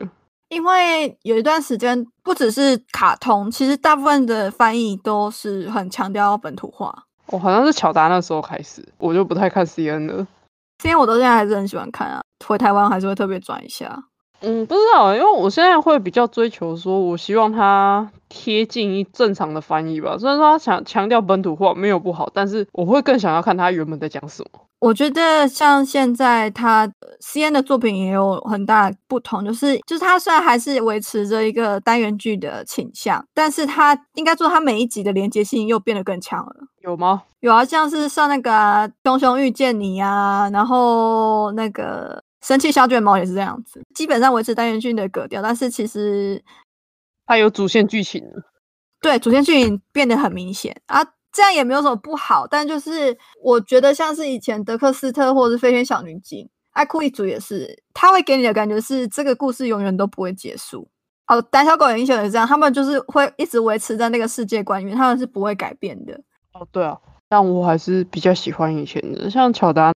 因為有一段時間不只是卡通，其實大部分的翻譯都是很強調本土化。我、哦、好像是巧達那時候開始，我就不太看 CN 了。CN 我到現在還是很喜歡看啊，回台灣還是會特別轉一下。嗯，不知道，因為我現在會比較追求說，我希望它貼近於正常的翻譯吧。雖然說他想強、強調本土化沒有不好，但是我會更想要看它原本在講什麼。我覺得像現在他 C N 的作品也有很大的不同，就是就是他雖然還是維持着一個單元劇的傾向，但是他應該說他每一集的連接性又變得更強了。有嗎？有啊，像是上那個、啊《熊熊遇見你》啊，然後那個《生氣小卷毛》也是這樣子，基本上維持單元劇的格調，但是其實它有主線劇情。對，主線劇情變得很明顯啊。這樣也沒有什麼不好，但就是我覺得像是以前德克斯特或者是飛天小女警、愛哭一族也是，他會給你的感覺是這個故事永遠都不會結束。哦，膽小狗英雄也是這樣，他們就是會一直維持在那個世界觀裡面，他們是不會改變的。哦，對啊，但我還是比較喜歡以前的，像喬達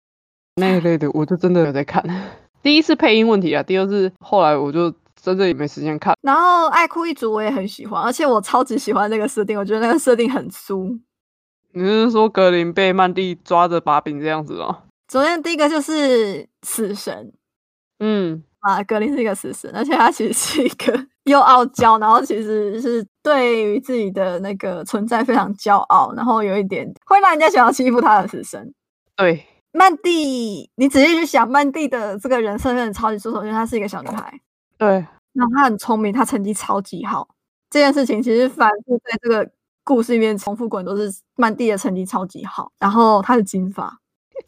那一類的， 我就真的有在看。 第一是配音問題啊，第二是後來我就真的也沒時間看。然後愛哭一族我也很喜歡，而且我超級喜歡那個設定，我覺得那個設定很蘇。你是說格林被曼蒂抓着把柄這樣子哦？首先第一個就是死神，嗯啊，格林是一個死神，而且他其實是一個又傲嬌，然後其實是對於自己的那個存在非常驕傲，然後有一點會讓人家想要欺負他的死神。對，曼蒂，你仔細去想，曼蒂的這個人設真的超級出手，因為她是一個小女孩，對，然後她很聰明，她成績超級好，這件事情其實反覆在這個。故事裡面重複過的都是曼蒂的成績超級好，然後他是金髮，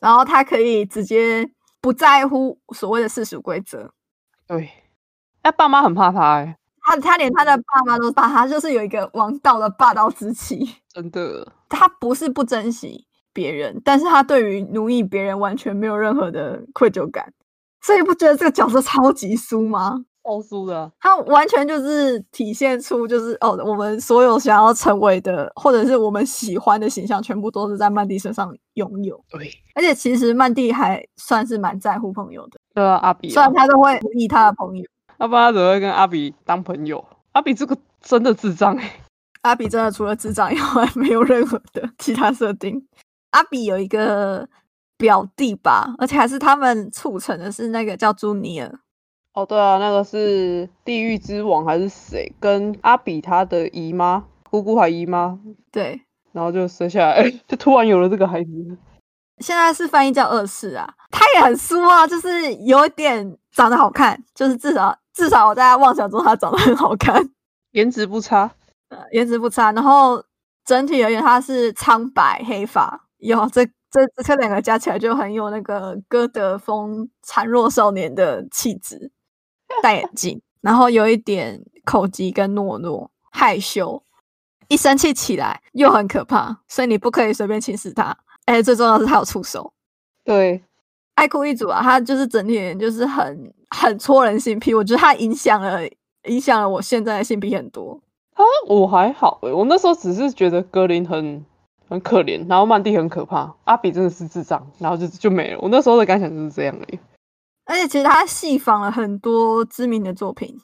然後他可以直接不在乎所謂的世俗規則。對，他爸媽很怕他，欸，哎，他他連他的爸媽都怕他，就是有一個王道的霸道之氣。真的，他不是不珍惜別人，但是他對於奴役別人完全沒有任何的愧疚感，所以不覺得這個角色超級蘇嗎？奧蘇的，他完全就是體現出，就是哦，我們所有想要成為的，或者是我們喜歡的形象，全部都是在曼蒂身上擁有。對，而且其實曼蒂還算是蠻在乎朋友的。對啊，阿比，哦，雖然他都會注意他的朋友，要不然他怎麼會跟阿比當朋友？阿比這個真的智障哎，欸！阿比真的除了智障以外，沒有任何的其他設定。阿比有一個表弟吧，而且還是他們促成的，是那個叫朱尼爾。哦，oh, 對啊，那個是地獄之王還是誰？跟阿比他的姨媽、姑姑還姨媽，對，然後就生下來、欸，就突然有了這個孩子。現在是翻譯叫二世啊，他也很酥啊，就是有點長得好看，就是至少至少我在妄想中他長得很好看，顏值不差，呃，顏值不差。然後整體而言，他是蒼白黑髮，有這這這，這兩個加起來就很有那個歌德風孱弱少年的氣質。 戴眼鏡，然後有一點口疾跟懦弱，害羞，一生氣起來又很可怕，所以你不可以隨便輕視他。哎，最重要的是他有觸手。對，愛哭一族啊，他就是整體就是很很戳人心脾。我覺得他影響了影響了我現在的性癖很多。他我還好、欸、我那時候只是覺得格林很很可憐，然後曼蒂很可怕，阿比真的是智障，然後就就沒了。我那時候的感想就是這樣而、欸、已。而且其實他戲仿了很多知名的作品。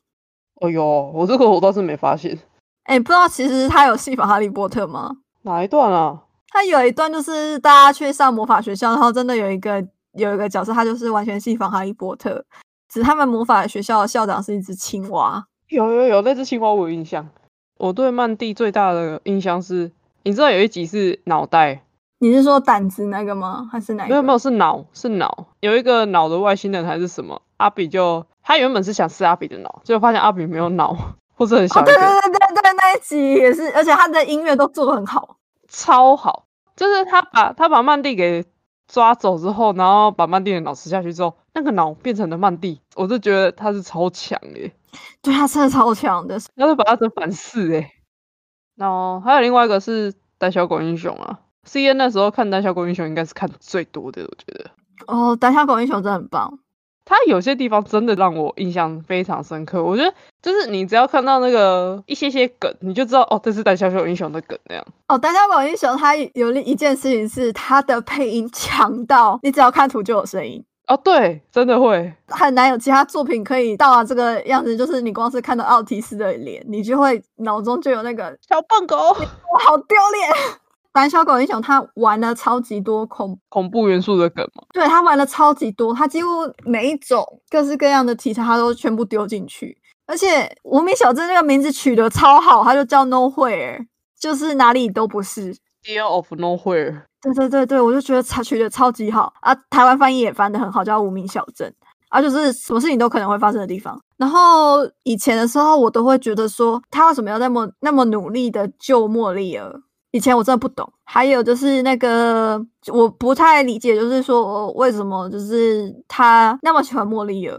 哎呦，我這個我倒是沒發現。誒、哎、不知道其實他有戲仿《哈利波特》嗎？哪一段啊？他有一段就是大家去上魔法學校，然後真的有一個有一個角色，他就是完全戲仿《哈利波特》，只是他們魔法學校的校長是一隻青蛙。有有有，那隻青蛙我有印象。我對曼蒂最大的印象是，你知道有一集是腦袋。你是說膽子那個嗎？還是哪一個？沒有沒有，是腦，是腦，有一個腦的外星人還是什麼？阿比就他原本是想吃阿比的腦，結果發現阿比沒有腦或者很小、啊。對對對對對，那一集也是，而且他的音樂都做得很好，超好。就是他把他把曼蒂給抓走之後，然後把曼蒂的腦吃下去之後，那個腦變成了曼蒂，我就覺得他是超強哎。對他真的超強的，要是把他的反噬誒。然後還有另外一個是膽小狗英雄啊。C N 那時候看《膽小狗英雄》應該是看最多的，我覺得哦，《膽小狗英雄》真的很棒。他有些地方真的讓我印象非常深刻。我覺得就是你只要看到那個一些些梗，你就知道哦，這是《膽小狗英雄》的梗那樣。哦，《膽小狗英雄》他有另一件事情是他的配音強到你只要看圖就有聲音哦。對，真的會很難有其他作品可以到啊這個樣子，就是你光是看到奧提斯的臉，你就會腦中就有那個小笨狗，我好丟臉。膽小狗英雄，他玩了超級多恐怖恐怖元素的梗嘛？對他玩的超級多，他幾乎每一種各式各樣的題材，他都全部丟進去。而且無名小鎮那個名字取得超好，他就叫 nowhere，就是哪裡都不是，deal of nowhere。對對對對，我就覺得他取得超級好啊！台灣翻譯也翻得很好，叫無名小鎮，啊就是什麼事情都可能會發生的地方。然後以前的時候，我都會覺得說，他為什麼要那麼那麼努力的救茉莉爾？以前我真的不懂，還有就是那個我不太理解，就是說為什麼就是他那麼喜歡茉莉兒，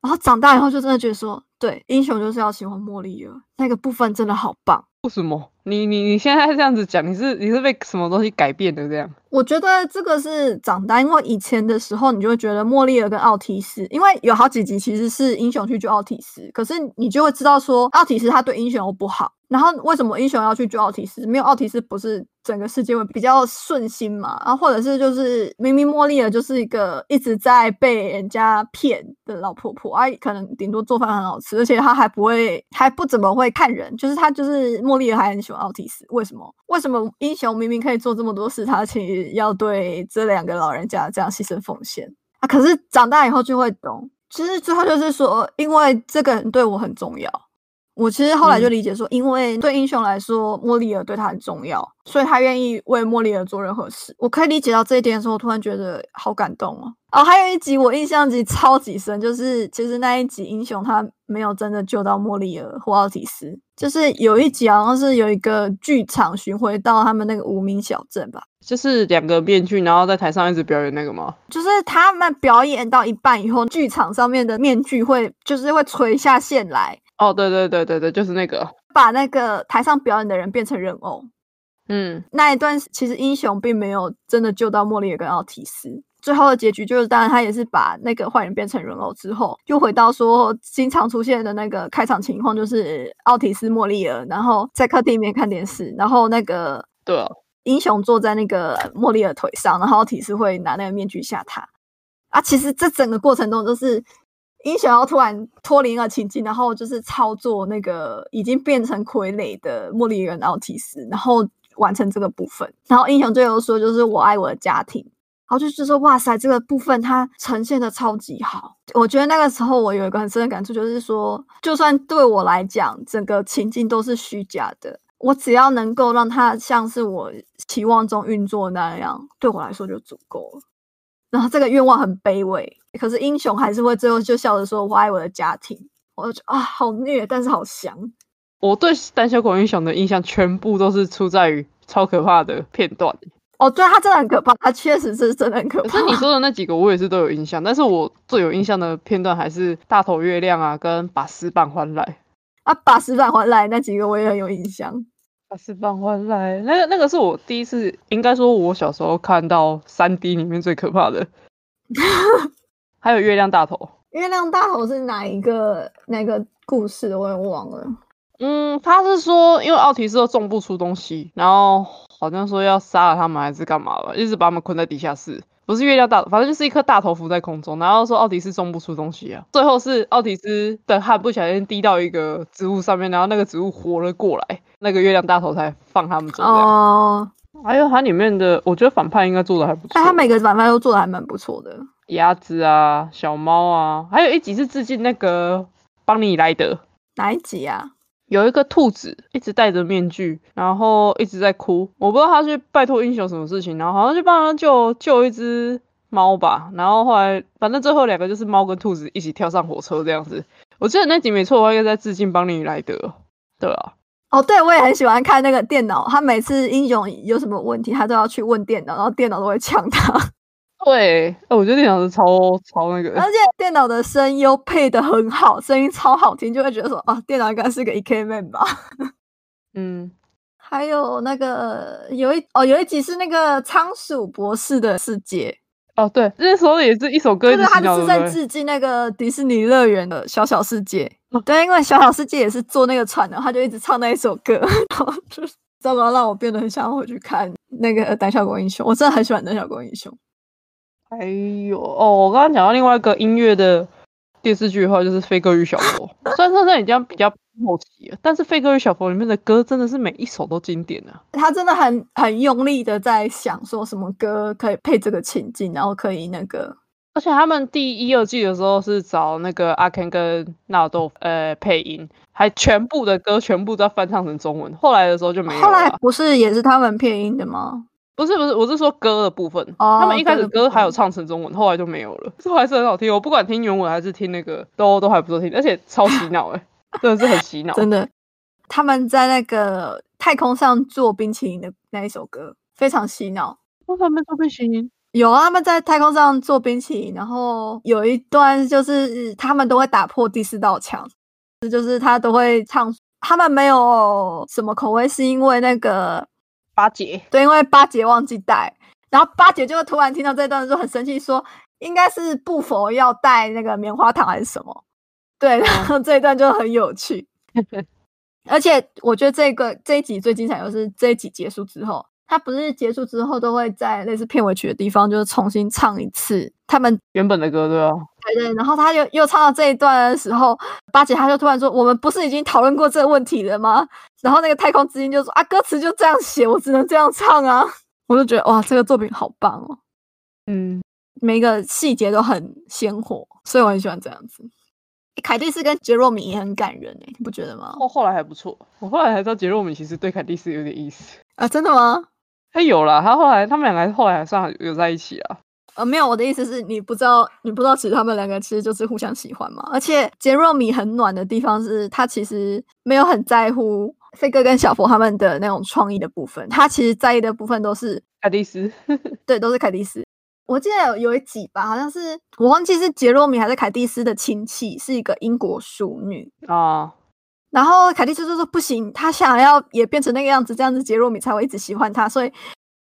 然後長大以後就真的覺得說，對，英雄就是要喜歡茉莉兒，那個部分真的好棒。為什麼？你你你現在這樣子講，你是你是被什麼東西改變的這樣？我覺得這個是長大，因為以前的時候你就會覺得莫莉爾跟奧提斯，因為有好幾集其實是英雄去救奧提斯，可是你就會知道說奧提斯他對英雄不好，然後為什麼英雄要去救奧提斯？沒有奧提斯不是整個世界會比較順心嘛？然後、啊、或者是就是明明莫莉爾就是一個一直在被人家騙的老婆婆，哎、啊，可能頂多做飯很好吃，而且她還不會還不怎麼會看人，就是她就是莫莉爾還很兇。奧提斯，為什麼？為什麼英雄明明可以做這麼多事，他卻要對這兩個老人家這樣犧牲奉獻啊？可是長大以後就會懂，其實最後就是說，因為這個人對我很重要。我其實後來就理解說，因為對英雄來說，嗯、莫莉爾對他很重要，所以他願意為莫莉爾做任何事。我可以理解到這一點的時候，我突然覺得好感動哦。哦，還有一集我印象極超級深，就是其實那一集英雄他沒有真的救到莫莉爾或奧提斯，就是有一集好像是有一個劇場巡回到他們那個無名小鎮吧，就是兩個面具，然後在台上一直表演那個嗎？就是他們表演到一半以後，劇場上面的面具會，就是會垂下線來。哦，對對對對對，就是那個把那個台上表演的人變成人偶。嗯，那一段其實英雄並沒有真的救到莫莉爾跟奧提斯。最後的結局就是，當然他也是把那個壞人變成人偶之後，又回到說經常出現的那個開場情況，就是奧提斯、莫莉爾，然後在客廳裡面看電視，然後那個對啊，英雄坐在那個莫莉爾腿上，然後奧提斯會拿那個面具嚇他。啊，其實這整個過程中都、就是。英雄要突然脫離了情境，然後就是操作那個已經變成傀儡的茉莉園奧提斯，然後完成這個部分。然後英雄最後說：“就是我愛我的家庭。”然後就是說：“哇塞，這個部分它呈現得超級好。”我覺得那個時候我有一個很深的感觸，就是說，就算對我來講，整個情境都是虛假的，我只要能夠讓它像是我期望中運作那樣，對我來說就足夠了。然後這個願望很卑微。可是英雄還是會最後就笑着說：“我愛我的家庭。”我就覺得，啊，好虐，但是好香。我對膽小狗英雄的印象全部都是出在於超可怕的片段。哦，對，他真的很可怕，他確實是真的很可怕。可是你說的那幾個，我也是都有印象。但是我最有印象的片段還是大頭月亮啊，跟把石板還來啊，把石板還來那幾個我也很有印象。把石板還來，那那個是我第一次，應該說我小時候看到三 D 裡面最可怕的。 還有月亮大頭，月亮大頭是哪一個？哪個故事我也忘了。嗯，他是說，因為奧提斯都種不出東西，然後好像說要殺了他們還是幹嘛吧，一直把他們困在地下室。不是月亮大頭，反正就是一顆大頭浮在空中，然後說奧提斯種不出東西啊。最後是奧提斯的汗不小心滴到一個植物上面，然後那個植物活了過來，那個月亮大頭才放他們走。哦，還有它裡面的，我覺得反派應該做得還不錯。哎，他每個反派都做得還蠻不錯的。鴨子啊，小貓啊，還有一集是致敬那個邦尼萊德，哪一集啊？有一個兔子一直戴着面具，然後一直在哭，我不知道他去拜託英雄什麼事情，然後好像去幫他救救一隻貓吧。然後後來反正最後兩個就是貓跟兔子一起跳上火車這樣子。我記得那集沒錯，我應該在致敬邦尼萊德，對啊，哦，對，我也很喜歡看那個電腦，他每次英雄有什麼問題，他都要去問電腦，然後電腦都會嗆他。對、哦，我覺得電腦是超超那個，而且電腦的聲優配的很好，聲音超好聽，就會覺得說啊，電腦應該是個 E K man 吧。 嗯，還有那個有一哦有一集是那個倉鼠博士的世界。哦對，那時候也是一首歌一，就是他就是在致敬那個迪士尼樂園的小小世界，哦。對，因為小小世界也是坐那個船，的，他就一直唱那一首歌，然後就糟糕讓我變得很想回去看那個、呃、膽小狗英雄。我真的很喜歡膽小狗英雄。哎呦，哦，我剛剛講到另外一個音樂的電視劇的話，就是《飛哥與小佛》。 雖然說在你家比較好奇，但是《飛哥與小佛》裡面的歌真的是每一首都經典的，啊。他真的很很用力的在想說什麼歌可以配這個情境，然後可以那個。而且他們第一二季的時候是找那個阿 Ken 跟納豆呃配音，還全部的歌全部都翻唱成中文。後來的時候就沒有，啊。後來不是也是他們配音的嗎？不是不是，我是說歌的部分。Oh, 他們一開始歌還有唱成中文，oh, 後來就沒有了。最後還是很好聽，我不管聽原文還是聽那個，都都還不錯聽，而且超洗腦誒、欸、 真的是很洗腦。真的，他們在那個太空上做冰淇淋的那一首歌非常洗腦。他們做冰淇淋？有，他們在太空上做冰淇淋，然後有一段就是他們都會打破第四道牆，就是他都會唱。他們沒有什麼口味，是因為那個。八姐，對，因為八姐忘記帶，然後八姐就突然聽到這段就很生氣，說應該是不佛要帶那個棉花糖還是什麼，對，然後這一段就很有趣。 而且我覺得這個這一集最精彩，又是這一集結束之後，他不是結束之後都會在類似片尾曲的地方，就是重新唱一次他們原本的歌，對吧？對，對，然後他又又唱到這一段的時候，八姐他就突然說：“我們不是已經討論過這個問題了嗎？”然後那個太空之音就說：“啊，歌詞就這樣寫，我只能這樣唱啊！”我就覺得哇，這個作品好棒哦，嗯，每個細節都很鮮活，所以我很喜歡這樣子。凱蒂斯跟傑洛米也很感人耶，你不覺得嗎？後後來還不錯，我後來才知道傑洛米其實對凱蒂斯有點意思啊，真的嗎？他有了，他後來他們兩個後來還算有在一起啊。呃，沒有，我的意思是你不知道，你不知道指他們兩個其實就是互相喜歡嘛。而且傑洛米很暖的地方是他其實沒有很在乎飛哥跟小佛他們的那種創意的部分，他其實在意的部分都是凱蒂斯， 對，都是凱蒂斯。我記得有有一集吧，好像是我忘記是傑洛米還是凱蒂斯的親戚，是一個英國淑女哦。然後凱蒂斯就說不行，他想要也變成那個樣子，這樣子傑洛米才會一直喜歡他，所以。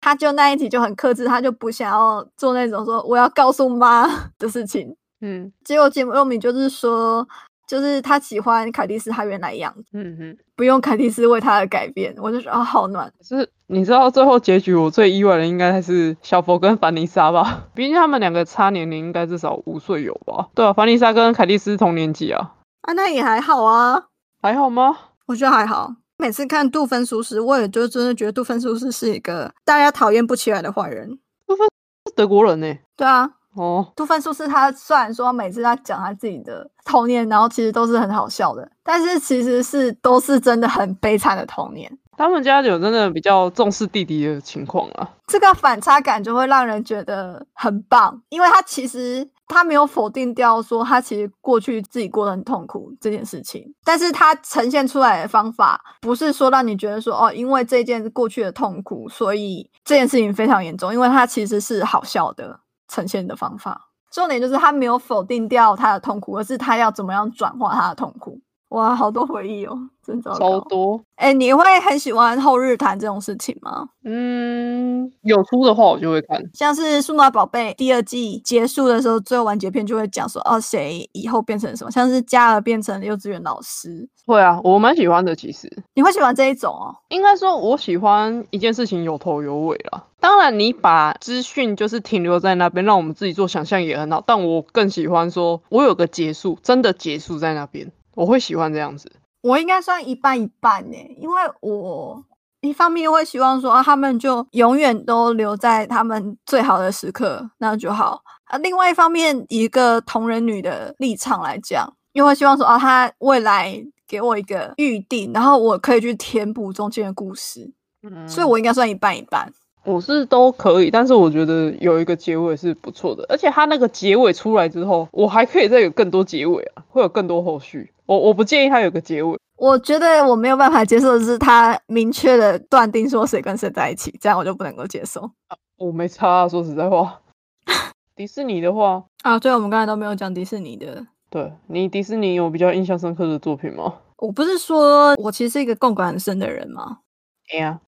他就那一集就很克制，他就不想要做那種說我要告訴媽的事情。嗯，結果節目又名就是說，就是他喜歡凱蒂斯他原來一樣的樣子，嗯哼，不用凱蒂斯為他而改變。我就覺得好暖。就是你知道最後結局，我最意外的應該還是小佛跟凡妮莎吧，畢竟他們兩個差年齡應該至少五歲有吧？對啊，凡妮莎跟凱蒂斯同年級啊。啊，那也還好啊。還好嗎？我覺得還好。每次看杜芬舒斯，我也就真的覺得杜芬舒斯是一個大家討厭不起來的壞人。杜芬是德國人呢、欸，對啊，哦，杜芬舒斯他雖然說每次他講他自己的童年，然後其實都是很好笑的，但是其實是都是真的很悲慘的童年。他們家有真的比較重視弟弟的情況啊，這個反差感就會讓人覺得很棒，因為他其實。他沒有否定掉說他其實過去自己過得很痛苦這件事情，但是他呈現出來的方法不是說讓你覺得說哦，因為這件過去的痛苦，所以這件事情非常嚴重，因為他其實是好笑的呈現的方法。重點就是他沒有否定掉他的痛苦，而是他要怎麼樣轉化他的痛苦。哇，好多回憶哦，真的超多！哎、欸，你會很喜歡後日談這種事情嗎？嗯，有書的話我就會看，像是《數碼寶貝》第二季結束的時候，最後完結篇就會講說，哦、啊，誰以後變成什麼？像是嘉兒變成幼稚園老師。會啊，我蠻喜歡的。其實你會喜歡這一種哦？應該說我喜歡一件事情有頭有尾啦。當然，你把資訊就是停留在那邊，讓我們自己做想象也很好，但我更喜歡說我有個結束，真的結束在那邊。我會喜歡這樣子，我應該算一半一半耶，因為我一方面會希望說，啊，他們就永遠都留在他們最好的時刻，那就好；啊，另外一方面，一個同人女的立場來講，也會希望說，啊，他未來給我一個預定，然後我可以去填補中間的故事，嗯，所以我應該算一半一半。我是都可以，但是我覺得有一個結尾是不錯的，而且它那個結尾出來之後，我還可以再有更多結尾啊，會有更多後續。我我不建議它有個結尾。我覺得我沒有辦法接受的是，他明確的斷定說誰跟誰在一起，這樣我就不能夠接受。啊，我沒差啊，說實在話， 迪士尼的話啊，對，我們剛才都沒有講迪士尼的。對你，迪士尼有比較印象深刻的作品嗎？我不是說我其實是一個共感很深的人嗎？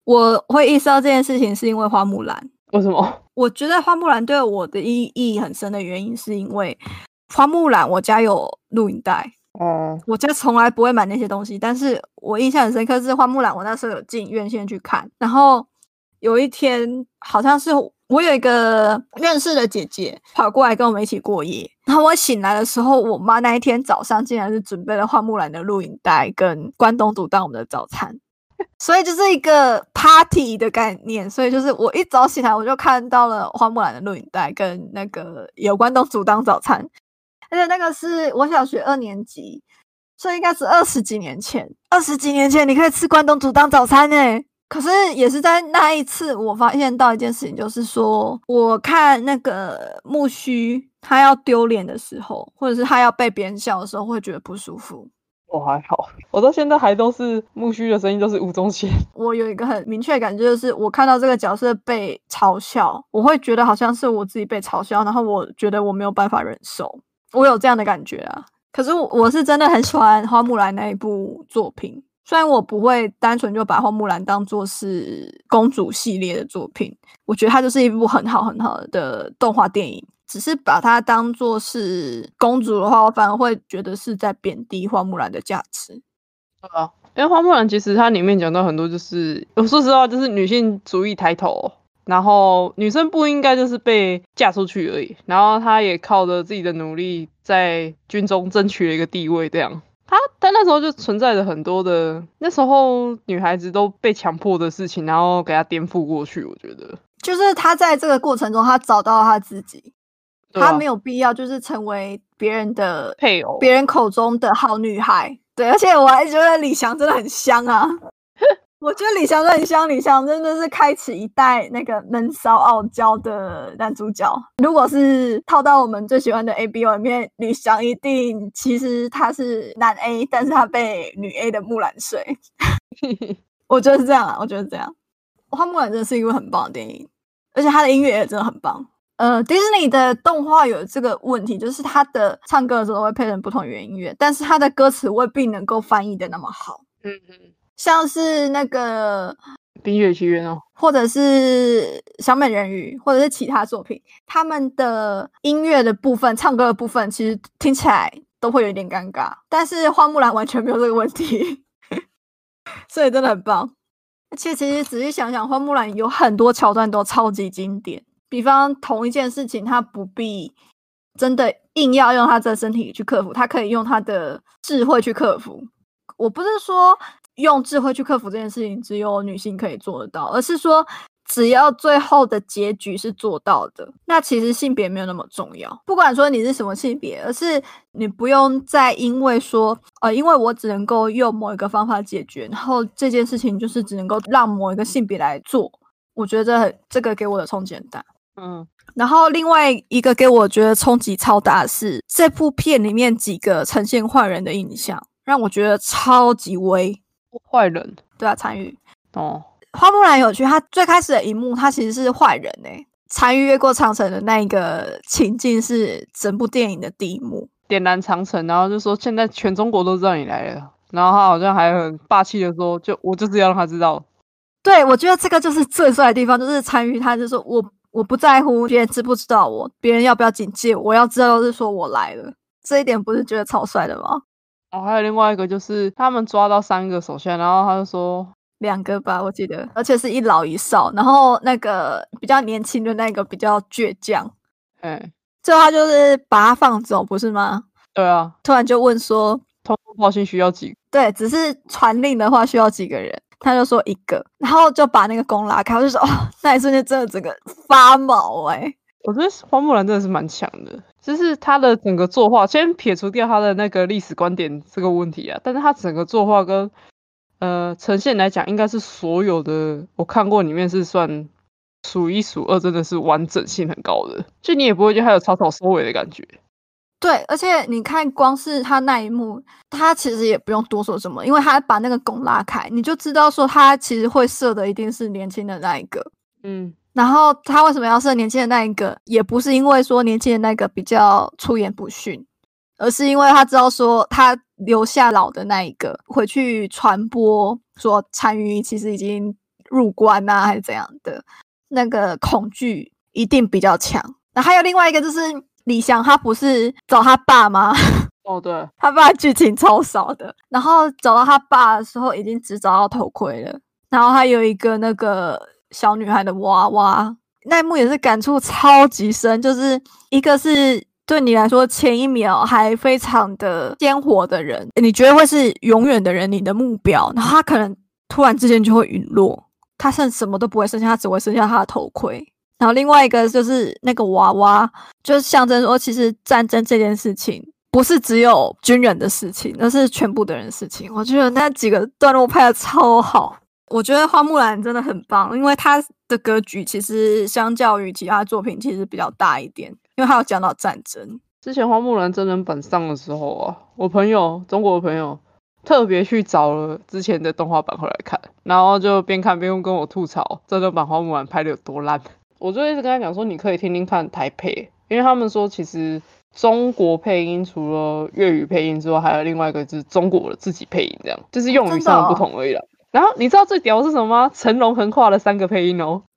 我會意識到這件事情是因為花木蘭。為什麼？我覺得花木蘭對我的意義很深的原因，是因為花木蘭。我家有錄影帶，哦、嗯，我家從來不會買那些東西。但是我印象很深刻是花木蘭，我那時候有進院線去看。然後有一天，好像是我有一個認識的姐姐跑過來跟我們一起過夜。然後我醒來的時候，我媽那一天早上竟然是準備了花木蘭的錄影帶跟關東煮當我們的早餐。所以就是一個 party 的概念，所以就是我一早起來，我就看到了花木蘭的錄影帶跟那個有關東煮當早餐，而且那個是我小學二年級，所以應該是二十幾年前。二十幾年前你可以吃關東煮當早餐欸。可是也是在那一次，我發現到一件事情，就是說我看那個木須他要丟臉的時候，或者是他要被別人笑的時候，會覺得不舒服。我還好，我到現在還都是木須的聲音都，就是吳宗憲。我有一個很明確的感覺，就是我看到這個角色被嘲笑，我會覺得好像是我自己被嘲笑，然後我覺得我沒有辦法忍受，我有這樣的感覺啊。可是我我是真的很喜歡花木蘭那一部作品，雖然我不會單純就把花木蘭當做是公主系列的作品，我覺得它就是一部很好很好的動畫電影。只是把她當做是公主的話，我反而會覺得是在貶低花木蘭的價值。啊，因為花木蘭其實她裡面講到很多，就是我說實話，就是女性主義抬頭，然後女生不應該就是被嫁出去而已。然後她也靠着自己的努力，在軍中爭取了一個地位。這樣，她但那時候就存在着很多的那時候女孩子都被強迫的事情，然後給她顛覆過去。我覺得，就是她在這個過程中，她找到她自己。他沒有必要就是成為別人的配偶，別人口中的好女孩。對，而且我還覺得李翔真的很香啊！ 我覺得李翔真的很香，李翔真的是開啟一代那個悶騷傲嬌的男主角。如果是套到我們最喜歡的 A B O 裡面，李翔一定其實他是男 A，但是他被女 A 的木蘭睡 我、啊。我覺得是這樣，我覺得是這樣。花木蘭真的是一部很棒的電影，而且他的音樂也真的很棒。呃，迪士尼的動畫有這個問題，就是他的唱歌的時候會配成不同原音樂，但是他的歌詞未必能夠翻譯得那麼好。嗯嗯，像是那個《冰雪奇緣》哦，或者是《小美人魚》，或者是其他作品，他們的音樂的部分、唱歌的部分，其實聽起來都會有一點尷尬。但是《花木蘭》完全沒有這個問題， 所以真的很棒。其實，其實仔細想想，《花木蘭》有很多橋段都超級經典。比方同一件事情，他不必真的硬要用他的身體去克服，他可以用他的智慧去克服。我不是說用智慧去克服這件事情只有女性可以做得到，而是說只要最後的結局是做到的，那其實性別沒有那麼重要。不管說你是什麼性別，而是你不用再因為說呃，因為我只能夠用某一個方法解決，然後這件事情就是只能夠讓某一個性別來做。我覺得這個給我的衝擊很大。嗯，然後另外一個給我覺得衝擊超大的是這部片裡面幾個呈現壞人的影像，讓我覺得超級威壞人。對啊，單於哦，花木蘭有趣。他最開始的一幕，他其實是壞人呢。單於越過長城的那一個情境是整部電影的第一幕，點燃長城，然後就說現在全中國都知道你來了。然後他好像還很霸氣的說：“就我就是要讓他知道。”對，我覺得這個就是最帥的地方，就是單於，他就說我。我不在乎別人知不知道我，別人要不要警戒我，我要知道是說我來了，這一點不是覺得草率的嗎？哦，還有另外一個就是他們抓到三個手下，然後他就說兩個吧，我記得，而且是一老一少，然後那個比較年輕的那個比較倔強，哎、欸，最後他就是把他放走，不是嗎？對啊，突然就問說通，通報信需要幾個？對，只是傳令的話需要幾個人。他就說一個，然後就把那個弓拉開，我就說哦，那一瞬間真的整個發毛哎、欸！我覺得花木蘭真的是蠻強的，就是他的整個作畫，先撇除掉他的那個歷史觀點這個問題啊，但是他整個作畫跟呃呈現來講，應該是所有的我看過裡面是算數一數二，真的是完整性很高的，就你也不會覺得還有草草收尾的感覺。對，而且你看，光是他那一幕，他其實也不用多說什麼，因為他把那個弓拉開，你就知道說他其實會射的一定是年輕的那一個。嗯，然後他為什麼要射年輕的那一個，也不是因為說年輕的那個比較出言不遜，而是因為他知道說他留下老的那一個回去傳播說單於其實已經入關吶、啊，還是怎樣的那個恐懼一定比較強。那還有另外一個就是。李翔，他不是找他爸嗎？哦 ，oh, 對，他爸劇情超少的。然後找到他爸的時候，已經只找到頭盔了。然後還有一個那個小女孩的娃娃，那一幕也是感觸超級深。就是一個是對你來說前一秒還非常的鮮活的人，你覺得會是永遠的人，你的目標。然後他可能突然之間就會隕落，他甚至什麼都不會剩下，他只會剩下他的頭盔。然後另外一個就是那個娃娃，就象徵說，其實戰爭這件事情不是只有軍人的事情，而是全部的人的事情。我覺得那幾個段落拍的超好，我覺得花木蘭真的很棒，因為他的格局其實相較於其他作品其實比較大一點，因為他有講到戰爭。之前花木蘭真人版上的時候啊，我朋友中國的朋友特別去找了之前的動畫版回來看，然後就邊看邊跟我吐槽這個版花木蘭拍的有多爛。我就一直跟他講說，你可以聽聽看台配，因為他們說其實中國配音除了粵語配音之外，還有另外一個就是中國的自己配音，這樣就是用語上不同而已了。哦哦、然後你知道最屌是什麼嗎？成龍橫跨了三個配音哦，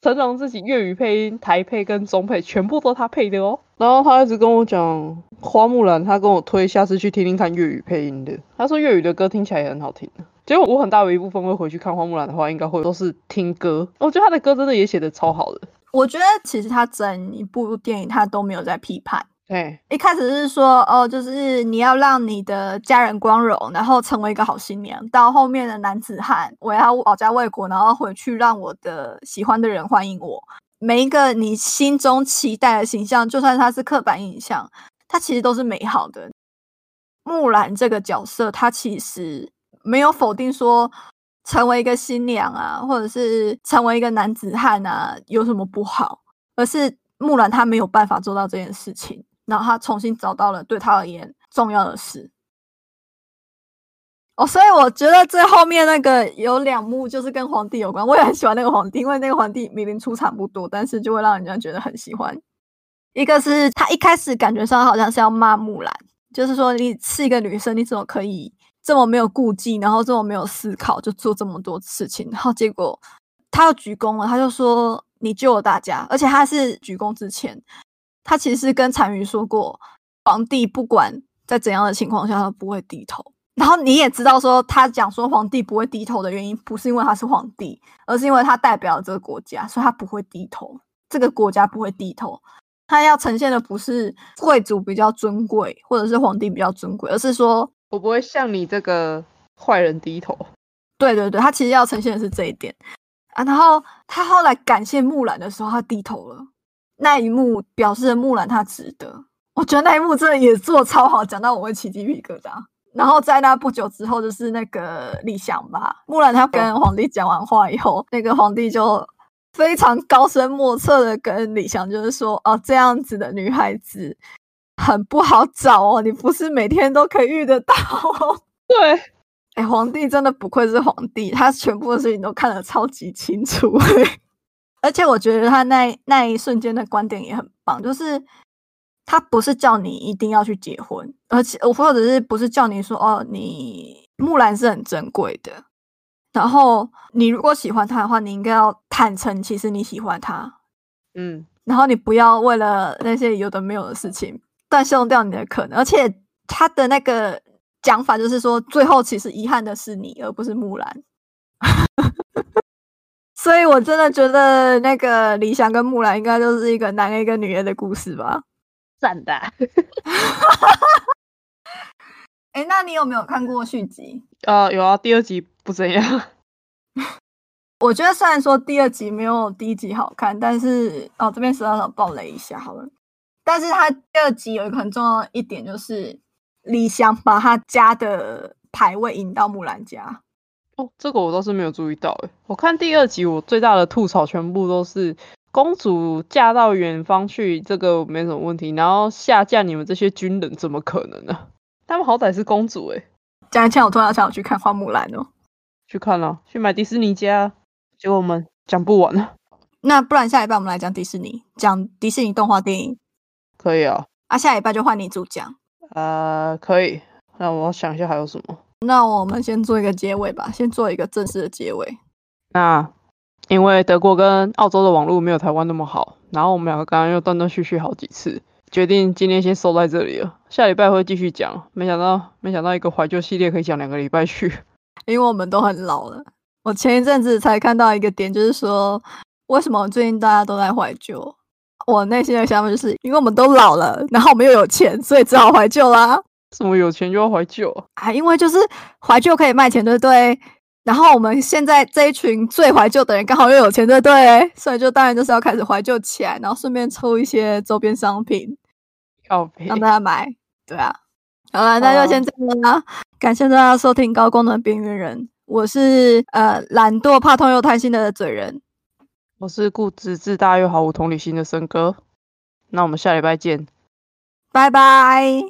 成龍自己粵語配音、台配跟中配全部都他配的哦。然後他一直跟我講《花木蘭》，他跟我推下次去聽聽看粵語配音的，他說粵語的歌聽起來也很好聽。所以，我很大的一部分會回去看花木蘭的話，應該會都是聽歌。我覺得他的歌真的也寫的超好的。我覺得其實他整一部電影他都沒有在批判。對、欸，一開始是說哦，就是你要讓你的家人光榮，然後成為一個好新娘。到後面的男子漢，我要保家衛國，然後回去讓我的喜歡的人歡迎我。每一個你心中期待的形象，就算他是刻板印象，他其實都是美好的。木蘭這個角色，他其實。沒有否定說成為一個新娘啊，或者是成為一個男子漢啊，有什麼不好？而是木蘭她沒有辦法做到這件事情，然後她重新找到了對她而言重要的事。哦，所以我覺得最後面那個有兩幕就是跟皇帝有關，我也很喜歡那個皇帝，因為那個皇帝明明出場不多，但是就會讓人家覺得很喜歡。一個是他一開始感覺上好像是要罵木蘭，就是說你是一個女生，你怎麼可以這麼沒有顧忌，然後這麼沒有思考就做這麼多事情，然後結果他要鞠躬了，他就說：“你救了大家。”而且他是鞠躬之前，他其實跟單於說過，皇帝不管在怎樣的情況下，他不會低頭。然後你也知道說，說他講說皇帝不會低頭的原因，不是因為他是皇帝，而是因為他代表了這個國家，所以他不會低頭，這個國家不會低頭。他要呈現的不是貴族比較尊貴，或者是皇帝比較尊貴，而是說，我不會向你這個壞人低頭。對對對，他其實要呈現的是這一點啊。然後他後來感謝木蘭的時候，他低頭了。那一幕表示木蘭她值得。我覺得那一幕真的也做超好，講到我會起雞皮疙瘩，啊。然後在那不久之後，就是那個李翔吧，木蘭她跟皇帝講完話以後，那個皇帝就非常高深莫測地跟李翔就是說，哦，啊，這樣子的女孩子。很不好找哦，你不是每天都可以遇得到哦。對，哎，皇帝真的不愧是皇帝，他全部的事情都看得超級清楚。 而且我覺得他那那一瞬間的觀點也很棒，就是他不是叫你一定要去結婚，而且我或者是不是叫你說哦，你木蘭是很珍貴的，然後你如果喜歡他的話，你應該要坦誠，其實你喜歡他。嗯，然後你不要為了那些有的沒有的事情。斷送掉你的可能，而且他的那個講法就是說，最後其實遺憾的是你，而不是木蘭。 所以我真的覺得，那個李翔跟木蘭應該就是一個男人跟女人的故事吧。算的，啊。哎， 欸，那你有沒有看過續集？呃，有啊，第二集不這樣。 我覺得雖然說第二集沒有第一集好看，但是哦，這邊攝像長爆雷一下，好了。但是他第二集有一個很重要的一點，就是李翔把他家的牌位引到木蘭家。哦，這個我倒是沒有注意到。誒，我看第二集，我最大的吐槽全部都是公主嫁到遠方去，這個沒什麼問題。然後下嫁你們這些軍人，怎麼可能呢？啊？他們好歹是公主誒。講一下我突然想要去看花木蘭哦，喔。去看了，啊，去買迪士尼家。結果我們講不完了。那不然下禮拜我們來講迪士尼，講迪士尼動畫電影。可以啊，啊，下禮拜就換你主講，呃，可以，那我想一下還有什麼，那我們先做一個結尾吧，先做一個正式的結尾。那因為德國跟澳洲的網絡沒有台灣那麼好，然後我們兩個剛剛又斷斷續續好幾次，決定今天先收在這裡了，下禮拜會繼續講。沒想到，沒想到一個懷舊系列可以講兩個禮拜去，因為我們都很老了。我前一陣子才看到一個點，就是說為什麼最近大家都在懷舊。我內心的想法就是，因為我們都老了，然後我們又有錢，所以只好懷舊啦。什麼有錢就要懷舊啊？因為就是懷舊可以賣錢，對不對？然後我們現在這一群最懷舊的人，剛好又有錢，對不對？所以就當然就是要開始懷舊起來，然後順便抽一些周邊商品，要讓大家買。對啊，好了，那就先這樣啦。Uh、感謝大家收聽《高功能邊緣人》，我是呃懶惰、怕痛又貪心的嘴人。我是固執自大又毫無同理心的笙歌，那我們下禮拜見，拜拜。